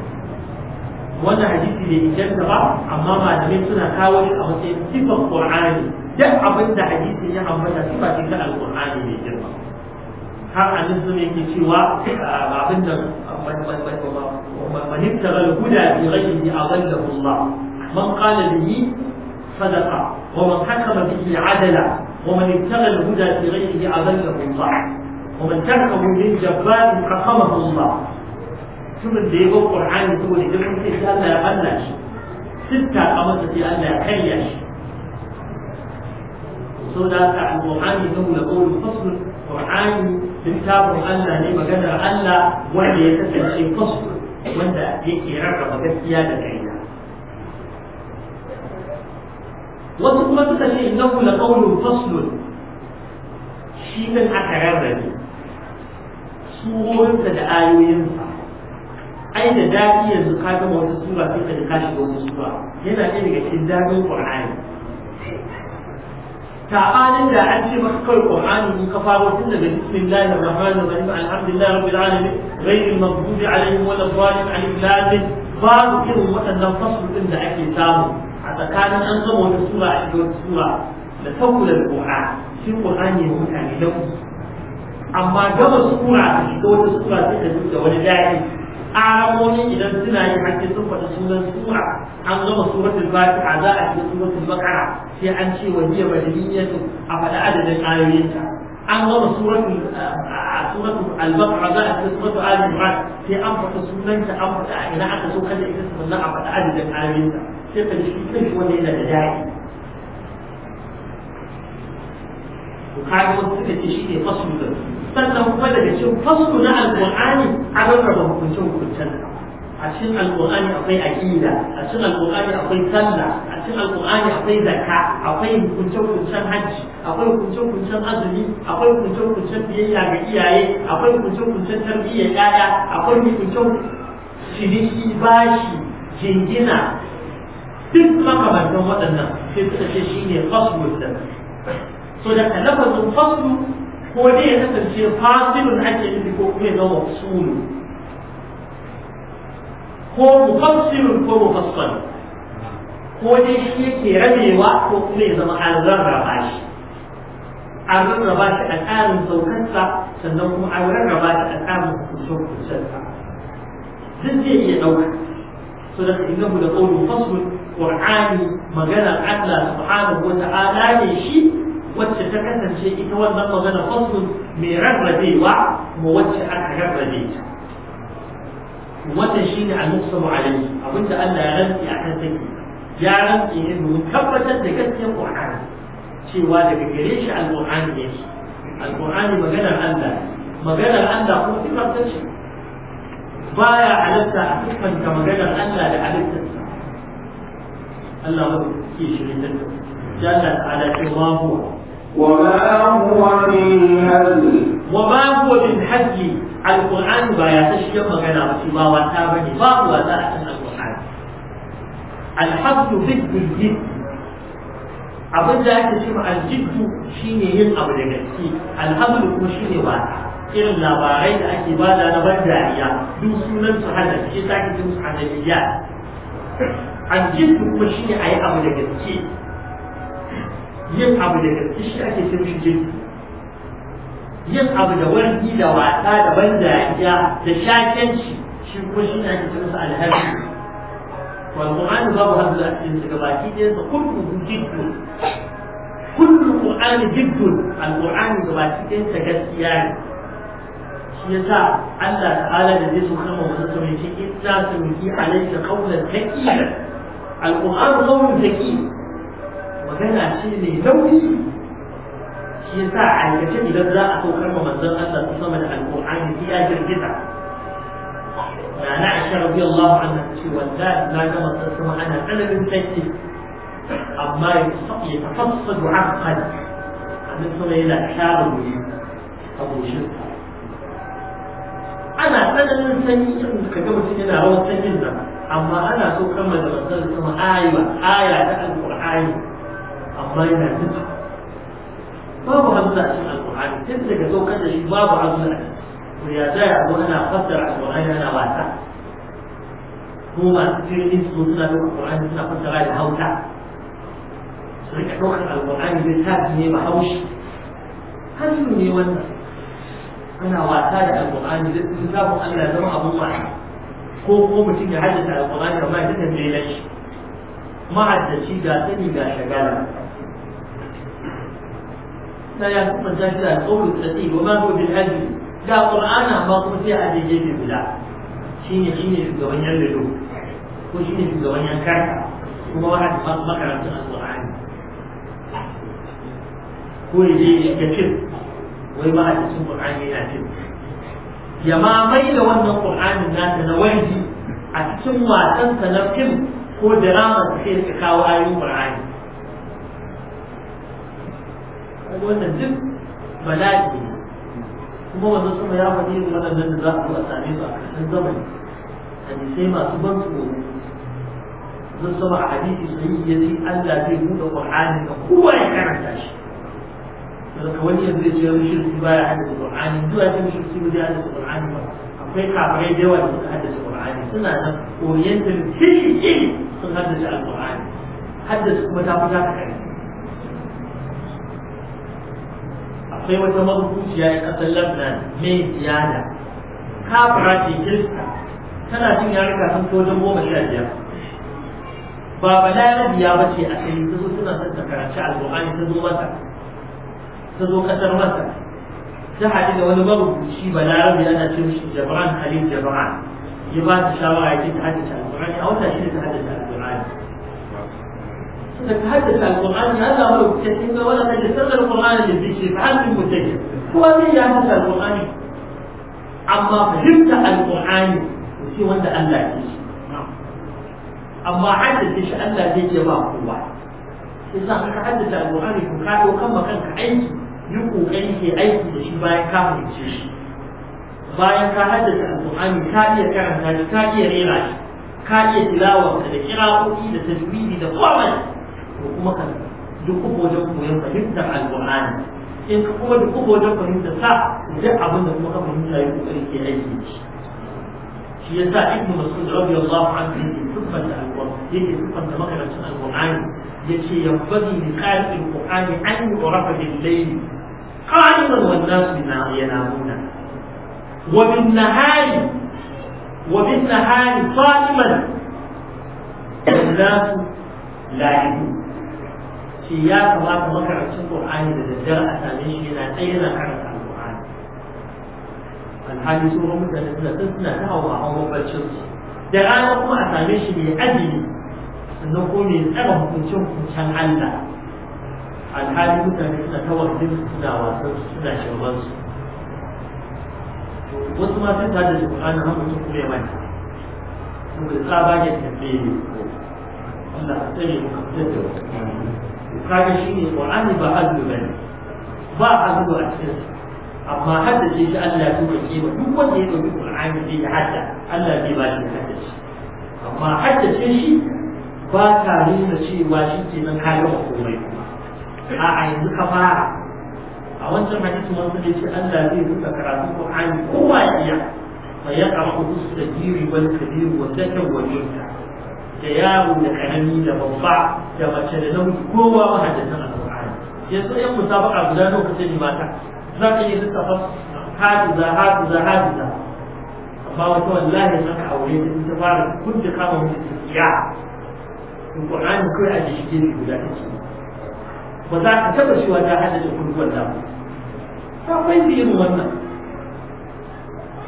wannan hadisi bai inganta ba amma malamai suna kawo shi a matsayin sifar qur'ani duk abin da hadisi ya ambata sifa ce ta al-qur'ani mai girma har a nan sune yake cewa abin da man ibtagha al-huda fi ghayrihi adallahu Allah man qala bihi sadaqa wa man hakama bihi adala ومن ابتغى الهدى في غيره أذله الله ومن تركه من جبار رحمه الله شوف اللي يقول القرآن يقول إذا كنت في الله يغنى ستة أمسة في الله يحيش سودا عن القرآن يقول لقول فصل القرآن littafin Allah ne maganar Allah wanda ya kasance fasu wanda yake rarraba gaskiya da kai wasu kuma suka ce innahu la qawlun faslun shi nan aka rarrabe surorinsa da ayoyinsa ai da daɗi yanzu ka gama wata sura sai ka ka shiga wata sura yana ɗaya daga cikin daɗin Qur'ani ta'anin da an ce maka kawai Qur'ani mun ka fara tun daga bismillahir rahmanir rahim alhamdulillahi rabbil alamin ghayril maghdubi alaihim waladdallin alif lam babu irin waɗannan fasul ɗin da ake samu tsakanin an zama wata sura a cikin wata sura da saboda Qur'an shi Qur'an ne mutane da ku amma gama sura a shiga wata sura sai ka duk da wani daɗi aramomin idan suna yin hakki sun faɗi sunan sura an gama suratul fatiha za a shiga suratul baqara sai an ce wa hiya madaniyatu a faɗi adadin ayoyinta أمر سورة آه، سورة البقرة بعد قصة آل عمران في أمر سورة أنت أمر يعني إلى أن تسوق خلي قصة اللعبة عدد العالمين كيف الشيخ ليش ولا إلى الداعي وقاعد وصلت الشيخ فصل فصل فصل نعلم وعالم على الرغم من شوف كل سنة a cikin alƙur'ani akwai aƙida a cikin alƙur'ani akwai sallah a cikin alƙur'ani akwai zakka akwai hukunce-hukuncen hajji akwai hukunce-hukuncen azumi akwai hukunce-hukuncen biyayya ga iyaye akwai hukunce-hukuncen tarbiyya ƴaƴa akwai hukuncen ciniki bashi jingina duk makamantan waɗannan sai suka ce shi ne fasulun da so da lafazin fasulu ko dai ya kasance fasilun ake nufi ko kuma ya zama fasulu هو مفصل هو مفصل هو الشيء في ربي وقت وقليل زمان على ذرة باش على ذرة باش الآن زوكتها سنوكم على ذرة باش الآن مفصل كتسلها زدية هي أوكت صدق إنه لقول مفصل قرآني مجال العدل سبحانه وتعالى يشي وتشتكتن شيء إتوان مجال فصل من ربي وقت موجه أكبر ربي wannan shine al-muqsamu alayhi abinda Allah ya rantsi akan saki ya rantsi ne domin tabbatar da gaskiyar Qur'ani cewa daga gare shi al-Qur'ani ne al-Qur'ani maganar Allah maganar Allah kuma sifar ce baya halatta a siffanta maganar Allah da halittarsa Allah ba ke shirin da Allah ta'ala ce ma huwa وما هو من هزل وما هو من هزل alƙur'ani ba ya tashiyar magana ba ba wata ba ne babu wasa a cikin alƙur'ani alhabdu biddi jiddi abin da ake ce ma shine yin abu da gaske alhabdu kuma shine wata irin labarai da ake bada na ban dariya duk sunan su hada shi ta ke su hadariya kuma abu da gaske yin abu da gaske shi ake ce yin abu da warki da wasa da ban dariya da shakenci shi kuma shi ne ake ce masa alhaji wal qur'an babu hadda a cikin daga baki ɗayan sa kullu jiddun kullu qur'an jiddun al qur'an ga baki ɗayan sa gaskiya ne shi yasa Allah ta'ala da zai so kama wannan sauyi shi idza sunki alayka qawlan thaqila al qur'an qawlun thaqil magana ce mai nauyi shi yasa a aikace idan za a saukar ma manzon Allah ta sama da alqur'ani sai ya girgiza na na aisha radiyallahu anha ce wallahi na ga manzon sama ana tsananin sanyi amma ya tafassadu haqqan annabi sama yana share wuri abushin ana tsananin sanyi irin ka ga mutum yana rawar sanyin nan amma ana so kan manzon sama ayi aya ta alqur'ani amma yana tuka babu hamza a cikin alƙur'ani tun daga saukar da shi babu hamza a to ya za a zo ana fassara alƙur'ani ana wasa ko masu ilimin su suna ɗaukar alƙur'ani suna fassara da hausa su rika ɗaukar alƙur'ani littafi ne ba haushi hannu ne wannan ana wasa da alƙur'ani littafin Allah ya zama abun wasa ko ko mutum ya haddace alƙur'ani amma ya tafi lelan shi ma'addaci ga sani ga shagala ta ya kasance shi da tsoro da tsiri wa ma ko bil hajji ga qur'ana amma kuma sai a je gefe guda shine shine shugaban yan lado ko shine shugaban yan karka kuma wani makarantar alqur'ani ko ya je ya wai a cikin qur'ani ce ya ma mai da wannan qur'anin nasa na waji a cikin wasansa na ko ko drama sai su kawo ayoyin qur'ani kaga wannan duk bala'i ne kuma wannan sama ya faɗi irin waɗannan da za a zo a same su a ƙarshen zamani hadisai masu ban tsoro zan sama a hadisi sahihi ya ce Allah zai buɗe Qur'ani ga kowa ya karanta shi daga wani yanzu ya ce ya mushirki baya haddace Qur'ani zuwa ya ce mushirki ba zai haddace Qur'ani ba akwai kafirai da yawa da suka haddace Qur'ani suna nan oriental kiri sun haddace Al-Qur'ani haddace kuma ta fi ta kare Sai wata marubuciya ya kasar Lebanon mai ziyada kafara ce kirista tana jin yaruka sun wajen goma sha biyar ba balarabiya ba ce a kai ta zo suna son ta karanci alƙur'ani ta zo mata ta zo kasar mata ta haɗu da wani marubuci balarabi ana ce mishi jabran halil jabran ya ba ta shawara ya ta haddace alƙur'ani a wannan shi ne ta haddace suka haddasa alƙur'ani Allah wani kuke sun ga wani kan jisar alƙur'ani da zikir ta hannun mutane kowa zai ya haddasa alƙur'ani amma fahimta alƙur'ani da shi wanda Allah ke shi amma haddasa shi Allah zai ke ba kowa sai sa aka haddasa alƙur'ani ku kawo kan ma kanka aiki yi ƙoƙari ke aiki da shi bayan ka fahimce bayan ka haddasa alƙur'ani ka iya karanta shi ka iya rera shi ka iya tilawarsa da kiraƙoƙi da tajwidi da komai da kuma ka duk wajen koyon fahimtar alƙur'ani in ka kuma duk wajen fahimtar sa duk abin da kuma ka fahimta ya kokari ke aiki shi shi ya sa ibnu mas'ud radiyallahu anhu yake siffanta alƙur'ani yake siffanta makarancin alƙur'ani yace yanbaghi li qari'il alƙur'ani an yu'rafa bil layl qa'iman wan nas yanamuna wa bin nahari wa bin nahari qa'iman والناس لاعبون shi ya kamata makarancin Qur'ani da daddare a same shi yana tsaye yana karanta Qur'ani alhali su ma mutane suna tun suna ta hawa hawa su da rana kuma a same shi mai azumi sannan ko mai tsara hukuncin hukuncin Allah alhali mutane suna ta din suna wasan su suna shirman su wasu ma sun tada da Qur'ani har mutum kuma ya manta saboda tsabagen tambaye ne Allah ta tsare mu kamar da kaga shi ne qur'ani ba azu bane ba azu a cikin su, amma haddace shi Allah ya tuba ke ba duk wanda ya dauki qur'ani zai hadda Allah zai ba shi haddace amma haddace shi ba ta nuna cewa shi ke nan kayan komai kuma a'a yanzu ka fara a wancan hadisin wanda ya ce Allah zai rubuta karatu qur'ani kowa iya fa ya su da jiri wal kabir wa zakar wal yunta da yaro da ƙarami da babba da mace da nauyi kowa mahaddasan alƙur'ani yanzu yan musabaqa guda nawa kace ni mata za ka iya yi lissafa hadiza hadiza hadiza amma wata wallahi sun ka aure da ita fara kunta kama mutum ya alƙur'ani kai a jikin guda take ba za ka taba cewa ta haddace kurkuwan da ba kai da yin wannan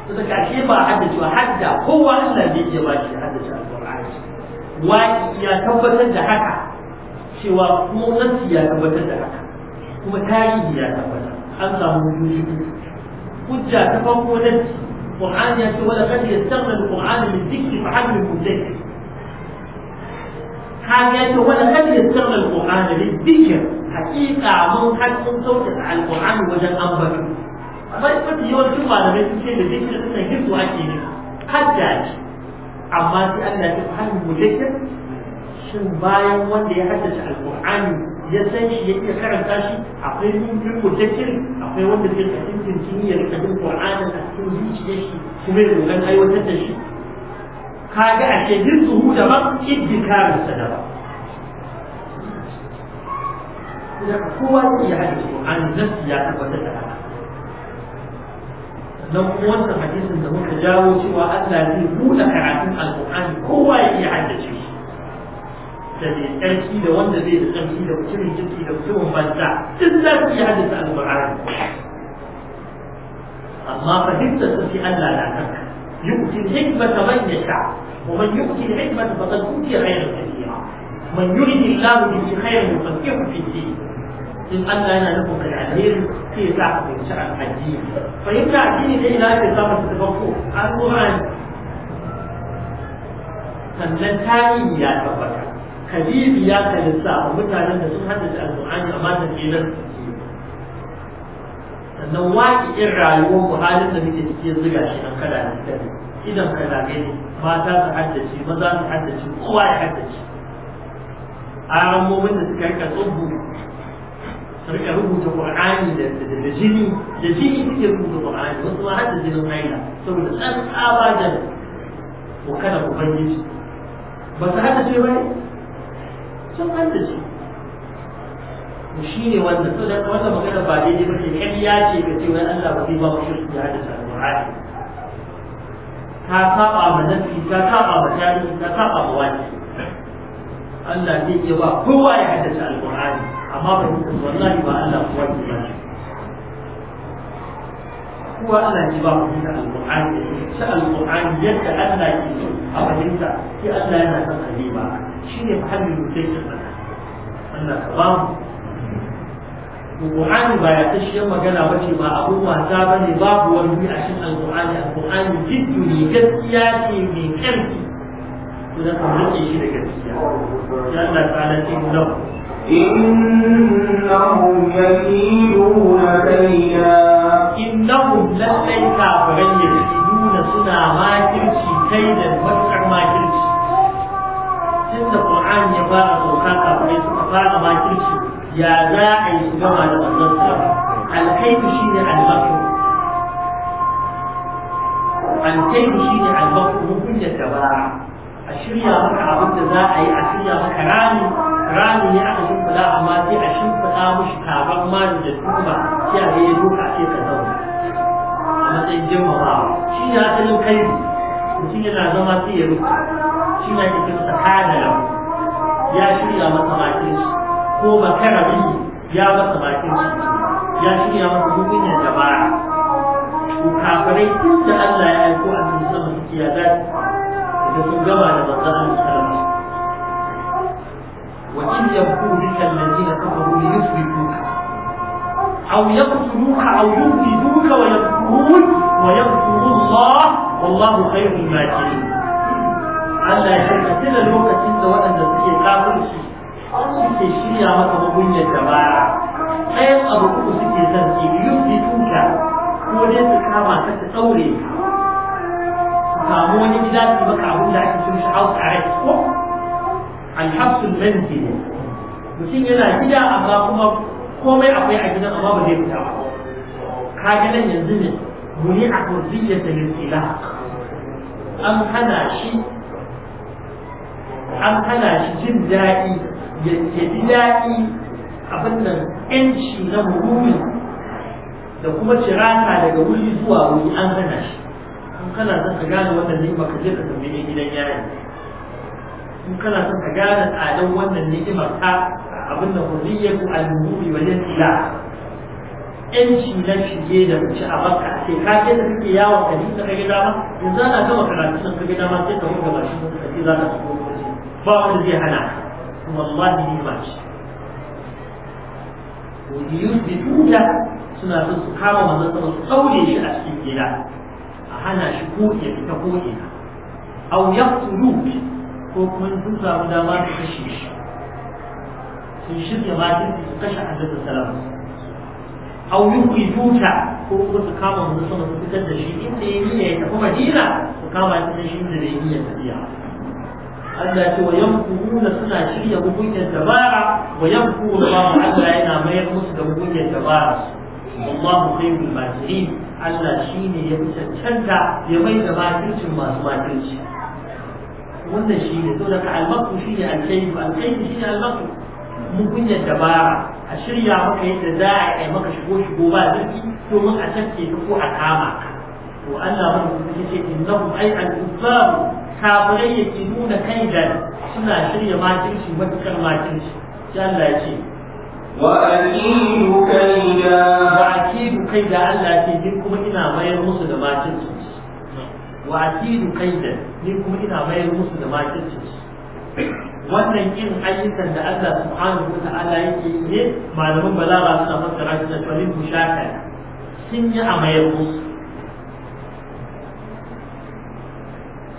su da kashe ba haddacewa hadda kowa Allah ne ya ba shi haddace waƙi ya tabbatar da haka cewa kuma nassi ya tabbatar da haka kuma tarihi ya tabbatar an samu hujjoji hujja ta farko nassi qur'ani ya ce wala qad yastaghna al-qur'an min dhikri fa'al al-mudhakkir kaga ya ce wala qad yastaghna al-qur'an min dhikri haqiqa mun kan mun sauke al-qur'an wajen ambato amma mafi yawancin malamai sun ce da dhikri sun hibbu ake ne hajja ce amma sai Allah ya fi hal mudakkir shin bayan wanda ya haddace alqur'ani ya san shi ya iya karanta shi akwai mumkin mudakkir akwai wanda zai kasin tuntuni ya rika jin qur'anin a cikin zuciyar shi kuma ya dogon aiwatar da shi Ka kaga a ce jin zuhu daban iddikarin sa daban kowa zai iya haddace qur'ani nafsi ya tabbatar da haka nan wannan hadisin da muka jawo cewa Allah zai buɗe karatun alƙur'ani kowa ya iya haddace shi da zai tsarki da wanda zai da tsarki da mutumin jiki da mutumin banza duk za su iya haddace alƙur'ani amma fahimtar su fi Allah na kanka يؤتي الحكمة من يشاء ومن يؤتي الحكمة فقد أوتي خيرا كثيرا من يرد الله به خيرا يفكه في الدين إن Allah أنا nufin العليل sai ya a addini fahimta da ina ke samun su tafafo ya tabbata kabibi mutanen da sun haddace alƙur'ani amma da kenan sannan halin da muke ciki ya ziga shi mata su haddace maza su haddace kowa ya haddace da rika rubuta qur'ani da da jini da jini suke rubuta qur'ani wasu ma har da jinin haila saboda tsan tsaba da wakana ubangiji ba su hada ce bai sun hada ce shi ne wanda to da wata magana ba daidai ba ce ƙarya ce ka ce wai Allah ba zai ba mu shi ya hada ta qur'ani ka saba ma nafi ka saba ma tarihi ka saba ma wani Allah zai iya ba kowa ya haddace alqur'ani amma ba su wallahi ba Allah kuwa ke ba shi kuwa Allah ji ba ku Al-Mu'ani da alqur'ani shi alqur'ani yadda Allah ke so a fahimta shi Allah yana son halima ne fahimtar mutai ta tsaka Allah ka ba mu Qur'ani ba ya ta tashiyar magana ba ce ba abun wasa ba ne babu wani a cikin Al-Qur'ani Al-Qur'ani jiddu ne gaskiya ce mai ƙarfi to da kan rike shi da gaskiya ya Allah ta alaƙi mu إنهم يكيدون كيدا إنهم لن كافرين يكيدون سنا ما كرشي كيدا وسع ما كرشي tunda Qur'an ya fara sauka kafirai suka fara makirci ya za a yi su gama da wannan tsara alkaifu shine almakru alkaifu shine almakru mun kunya tabara a shirya maka abin da za a yi a shirya maka rami rami ne aka shimfiɗa amma sai a shimfiɗa mushi tabar mani da tuba sai a yi duka ce ka zauna a matsayin girmamawa shi ne asalin kai mutum yana zama sai ya rufe shi na ke kira tsakanin lau ya shirya masa bakin shi ko makarami ya masa bakin shi ya shirya masa mugunyar dabara ko kafirai tun da Allah ya aiko a cikin sama suke ya da sun gaba da manzon Allah وان يبقوا بك الذين كفروا ليثبتوك او يقتلوك او يفسدوك ويكفرون ويقتلوا الله والله خير الماكرين الله يا شيخ كل وانا في كافر شيء شيء يا مطلوب من الجماعة خير أبو في ذنبي ليثبتوك هو ليس كما تتصوري فهموني بذلك بك عبود لكن شو مش عاوز alhafsul manzi ne mutum yana gida amma kuma komai akwai a gidan amma ba zai fita ba kaga nan yanzu ne muni a kurziyar da lissila an hana shi an hana shi jin daɗi ya ji daɗi abin nan ƴanci na hurumi da kuma cirata daga wuri zuwa wuri an hana shi in kana son ka gane wannan ne baka je ka tambaye gidan yayi in kana son ka gane tsadan wannan ni'imar ta abin da hurriyatu al-mulki wa yasila yanci na shige da mace a maka sai ka ce da kake yawo ka ji ka ga dama yanzu ana gama karatu nan ka ga dama sai ka huga ba shi ka ce za ka shigo ba wanda zai hana wallahi ni ma ce وديوز بتوجة suna son su kama manzon sama su tsaure shi a cikin gida a hana shi ko ya fita ko ina aw yaqtulu ko kuma sun samu dama da kashe shi sun shirya matan su kashe annabi sallallahu alaihi wasallam au yuqifuka ko kuma su kama mu sama su fitar da shi inda ya niyya ya tafi Madina su kama shi da shi inda ya niyya tafiya Allah ce wa yankuruna suna shirya hukuncin dabara wa yankuru ba Allah yana mayar musu da hukuncin dabara والله خير masirin Allah shi ne ya fi cancanta ya mai da makircin masu makirci. wannan shi ne to daga almaku shi ne alkaifu alkaifu shi ne almaku mugunyar dabara a shirya maka yadda za a yi maka shigo shigo ba zirki mun a tafke ka ko a kama ka to Allah mun kuma yace innahum ay al-kuffar kafirai yake nuna kai da suna shirya makirci matukar makirci sai Allah ya ce وأكيد كيدا Allah كيدا الله kuma ina mayar musu da دماتنسو wa asidu kaida ni kuma ina mayar musu da makirci wannan yin ayyukan da Allah subhanahu wa ta'ala yake yi ne malaman balaga suna fassara shi da falin mushaka sun yi a mayar musu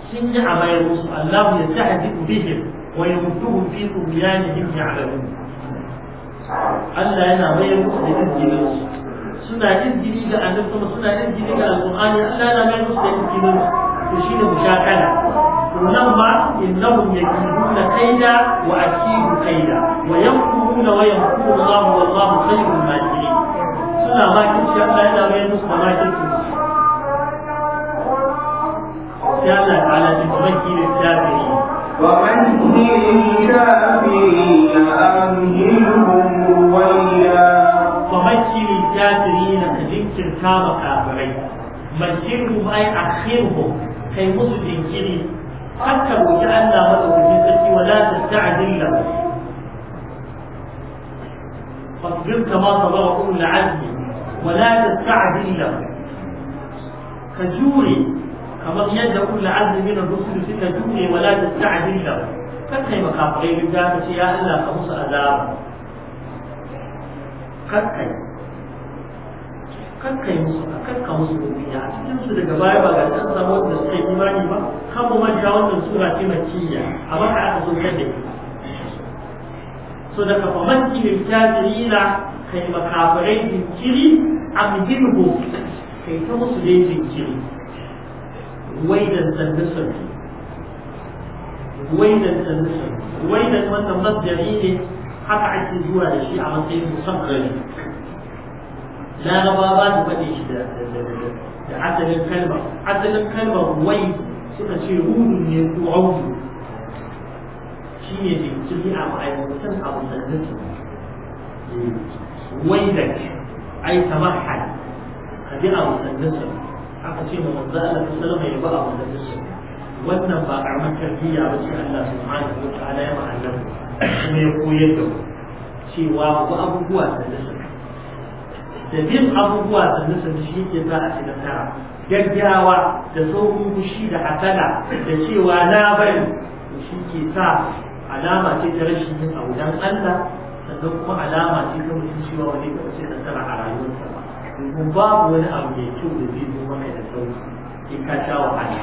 sun yi a mayar musu Allah ya tahdi bihim wa yamtuhu fi tughyanihim ya'lamun Allah yana mayar musu da izinin su suna izgili ga annabi kuma suna izgili ga alqur'ani Allah na mai musu izgilin to shine mushakala to nan ma innahum yakiduna kaida wa akidu kaida wa yamkuruna wa yamkuru Allah wallahu khayrul makirin suna makirci Allah yana mai musu da makirci sai Allah ta'ala ta tabaki da kafiri ومن للكافرين أمهلهم رويا ومكر الكافرين كذكر كام كافرين مجرهم أي أخرهم كي مصد جنكري حتى وكأن مدعو الجنكري ولا تستعجل له فاصبر كما صبر كل عزم ولا تستعجل له كجوري كما يد كل عزم من الرسل كجوري ولا تستعجل له كتني مكافرين بذلك يا الله فمس أذاب كتني kakkai musu a kakka musu rubiya a cikin su daga baya ba ga an samu wanda suka yi imani ba kan mu manta wannan sura ce makiyya a baka aka zo kan da so da ka faman kilin tajirina kai makafirai jinkiri a mujirgo kai ta musu dai jinkiri waidan sandu sandu waidan sandu sandu waidan wannan masjari ne haka ake zuwa da shi a matsayin musabbari laraba ba su faɗe shi da asalin kalmar asalin kalmar wai suka ce rudun ne ko audu shi ne da jinkiri a ma'aikatan abu sannan su wai da ai kamar hali ka ji abu sannan su aka ce ma manzo Allah sallama ya ba abu sannan su wannan ba karamar tarbiyya ba ce Allah subhanahu wa ta'ala ya ma'allama kuma ya koyar da mu cewa ba abubuwa sannan su da bin abubuwa sannu sannu shi ke za a ci nasara gaggawa da saurin fushi da hasala da cewa na bari shi ke sa alama ce ta rashin yin abu dan Allah sannan kuma alama ce ta mutum cewa wani ba ce nasara a rayuwarsa ba domin babu wani abu mai kyau da zai zo mai da sauki in ka sha wahala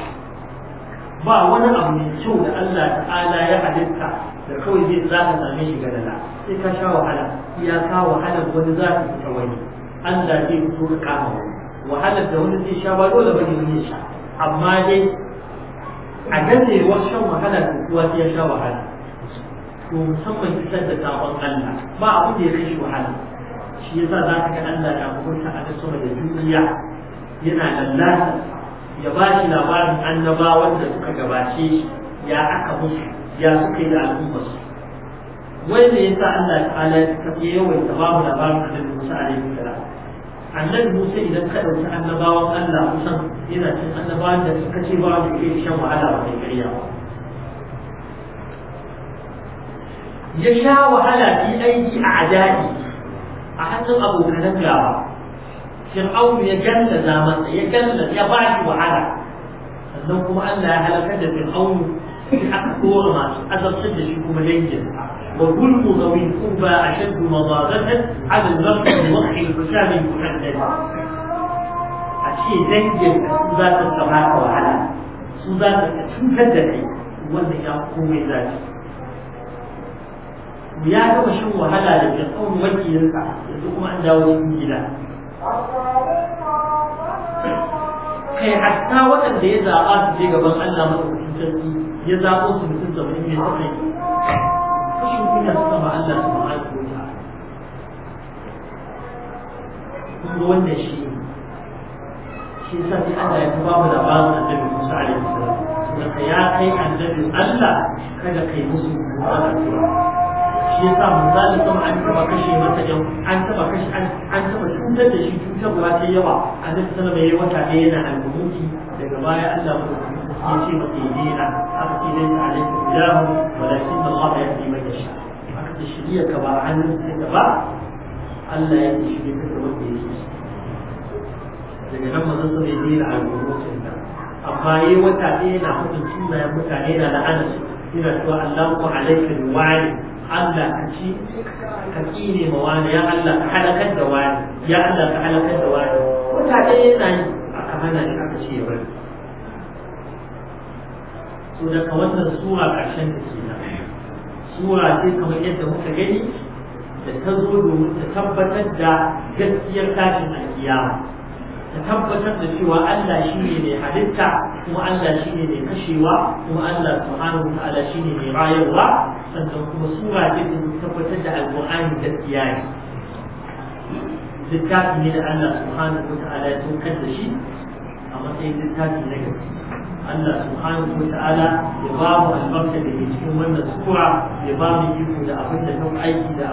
ba wani abu mai kyau da Allah ta'ala ya halitta da kawai zai za ka same shi ga dala sai ka sha wahala iyaka wahalar wani za ta fita wani Allah zai turka wahalar da wani zai sha ba dole bane wani sha amma dai a ganin shan wahala da kuwa ya sha wahala to musamman isar da sabon Allah ba abu da ya kai shi wahala shi yasa za ka ga Allah da mutunta a ta sama da duniya yana lallahi ya ba shi labarin annabawan da suka gabace shi ya aka musu ya suka yi da al'ummarsu wanda yasa Allah ta'ala ya yawaita babu labarin annabi Musa alaihi salam annabi Musa idan ka ɗauki annabawan Allah kusan yana cikin annabawan da suka ce ba mu ke shan wahala ba mai ƙarya ya sha wahala fi aiki a ajali a hannun abokanan gaba fir'aun ya gallaza masa ya gallaza ya ba shi wahala sannan kuma Allah ya halakar da fir'aun aka kora masu azabtar da shi kuma danginsa وكل ذوي الكفى اشد مضاربه على النقص الوضحي للرسام المحدد الشيء زي صدات السماء وعلا صدات تنفذت وانت يا قوم ذاك ويا قوم شو هذا اللي يقوم وجهي يرفع يقوم عند وجهي جدا kai hatta waɗanda ya zaɓa su je gaban Allah Allah subhanahu wa ta'ala kun ga wannan shi shi yasa sai Allah ya ba mu labarin annabi Musa alaihi salam saboda ya kai annabi Allah kada kai musu wannan shi yasa manzali kuma an taba kashe masa yau an taba kashe an an taba cutar da shi cutarwa ta yawa annabi sallallahu alaihi wasallam wata ɗaya yana alhumuki daga baya Allah mu يجيب ديننا أقتلن عليكم إله ولكن الله يهدي mai يشاء da shirya ka ba hannun ka ba Allah ya ce shirya ka wanda ya so daga nan mazan sa bai daina alƙurutun ta. amma yi wata ɗaya na hukun sunayen mutane na la'anar su yana cewa Allahu alaikar wani Allah ka ci ka tsine ma wani ya Allah ka halakar da wani ya Allah ka halakar da wani wata ɗaya yana yi aka hana da aka ce ya bari so daga wannan sura ƙarshen ke kenan sura ce kamar yadda muka gani da ta zo domin ta tabbatar da gaskiyar tashin alkiyama ta tabbatar da cewa Allah shi ne mai halitta kuma Allah shi ne mai kashewa kuma Allah subhanahu wa ta'ala shi ne mai rayuwa sannan kuma sura ce ta tabbatar da alqur'ani gaskiya ne littafi ne da Allah subhanahu wa ta'ala ya tokar da shi a matsayin littafi na gaskiya Allah subhanahu wa ta'ala ya ba mu albarka da ke cikin wannan sura ya ba mu iko da abin da kan aiki da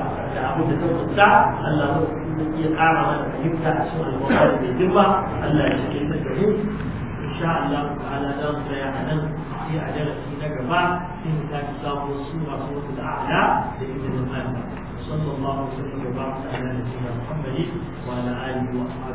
abin da kan kusa Allah mu iya kara mana fahimta a cikin alwara da girma Allah ya shige ta gare insha Allah ta'ala za mu tsaya a nan sai a darasi na gaba sai mu sake samu su sura sura da a'la da ibn al-Malik sallallahu alaihi wa sallam wa baraka ala nabiyyina Muhammadin wa ala alihi wa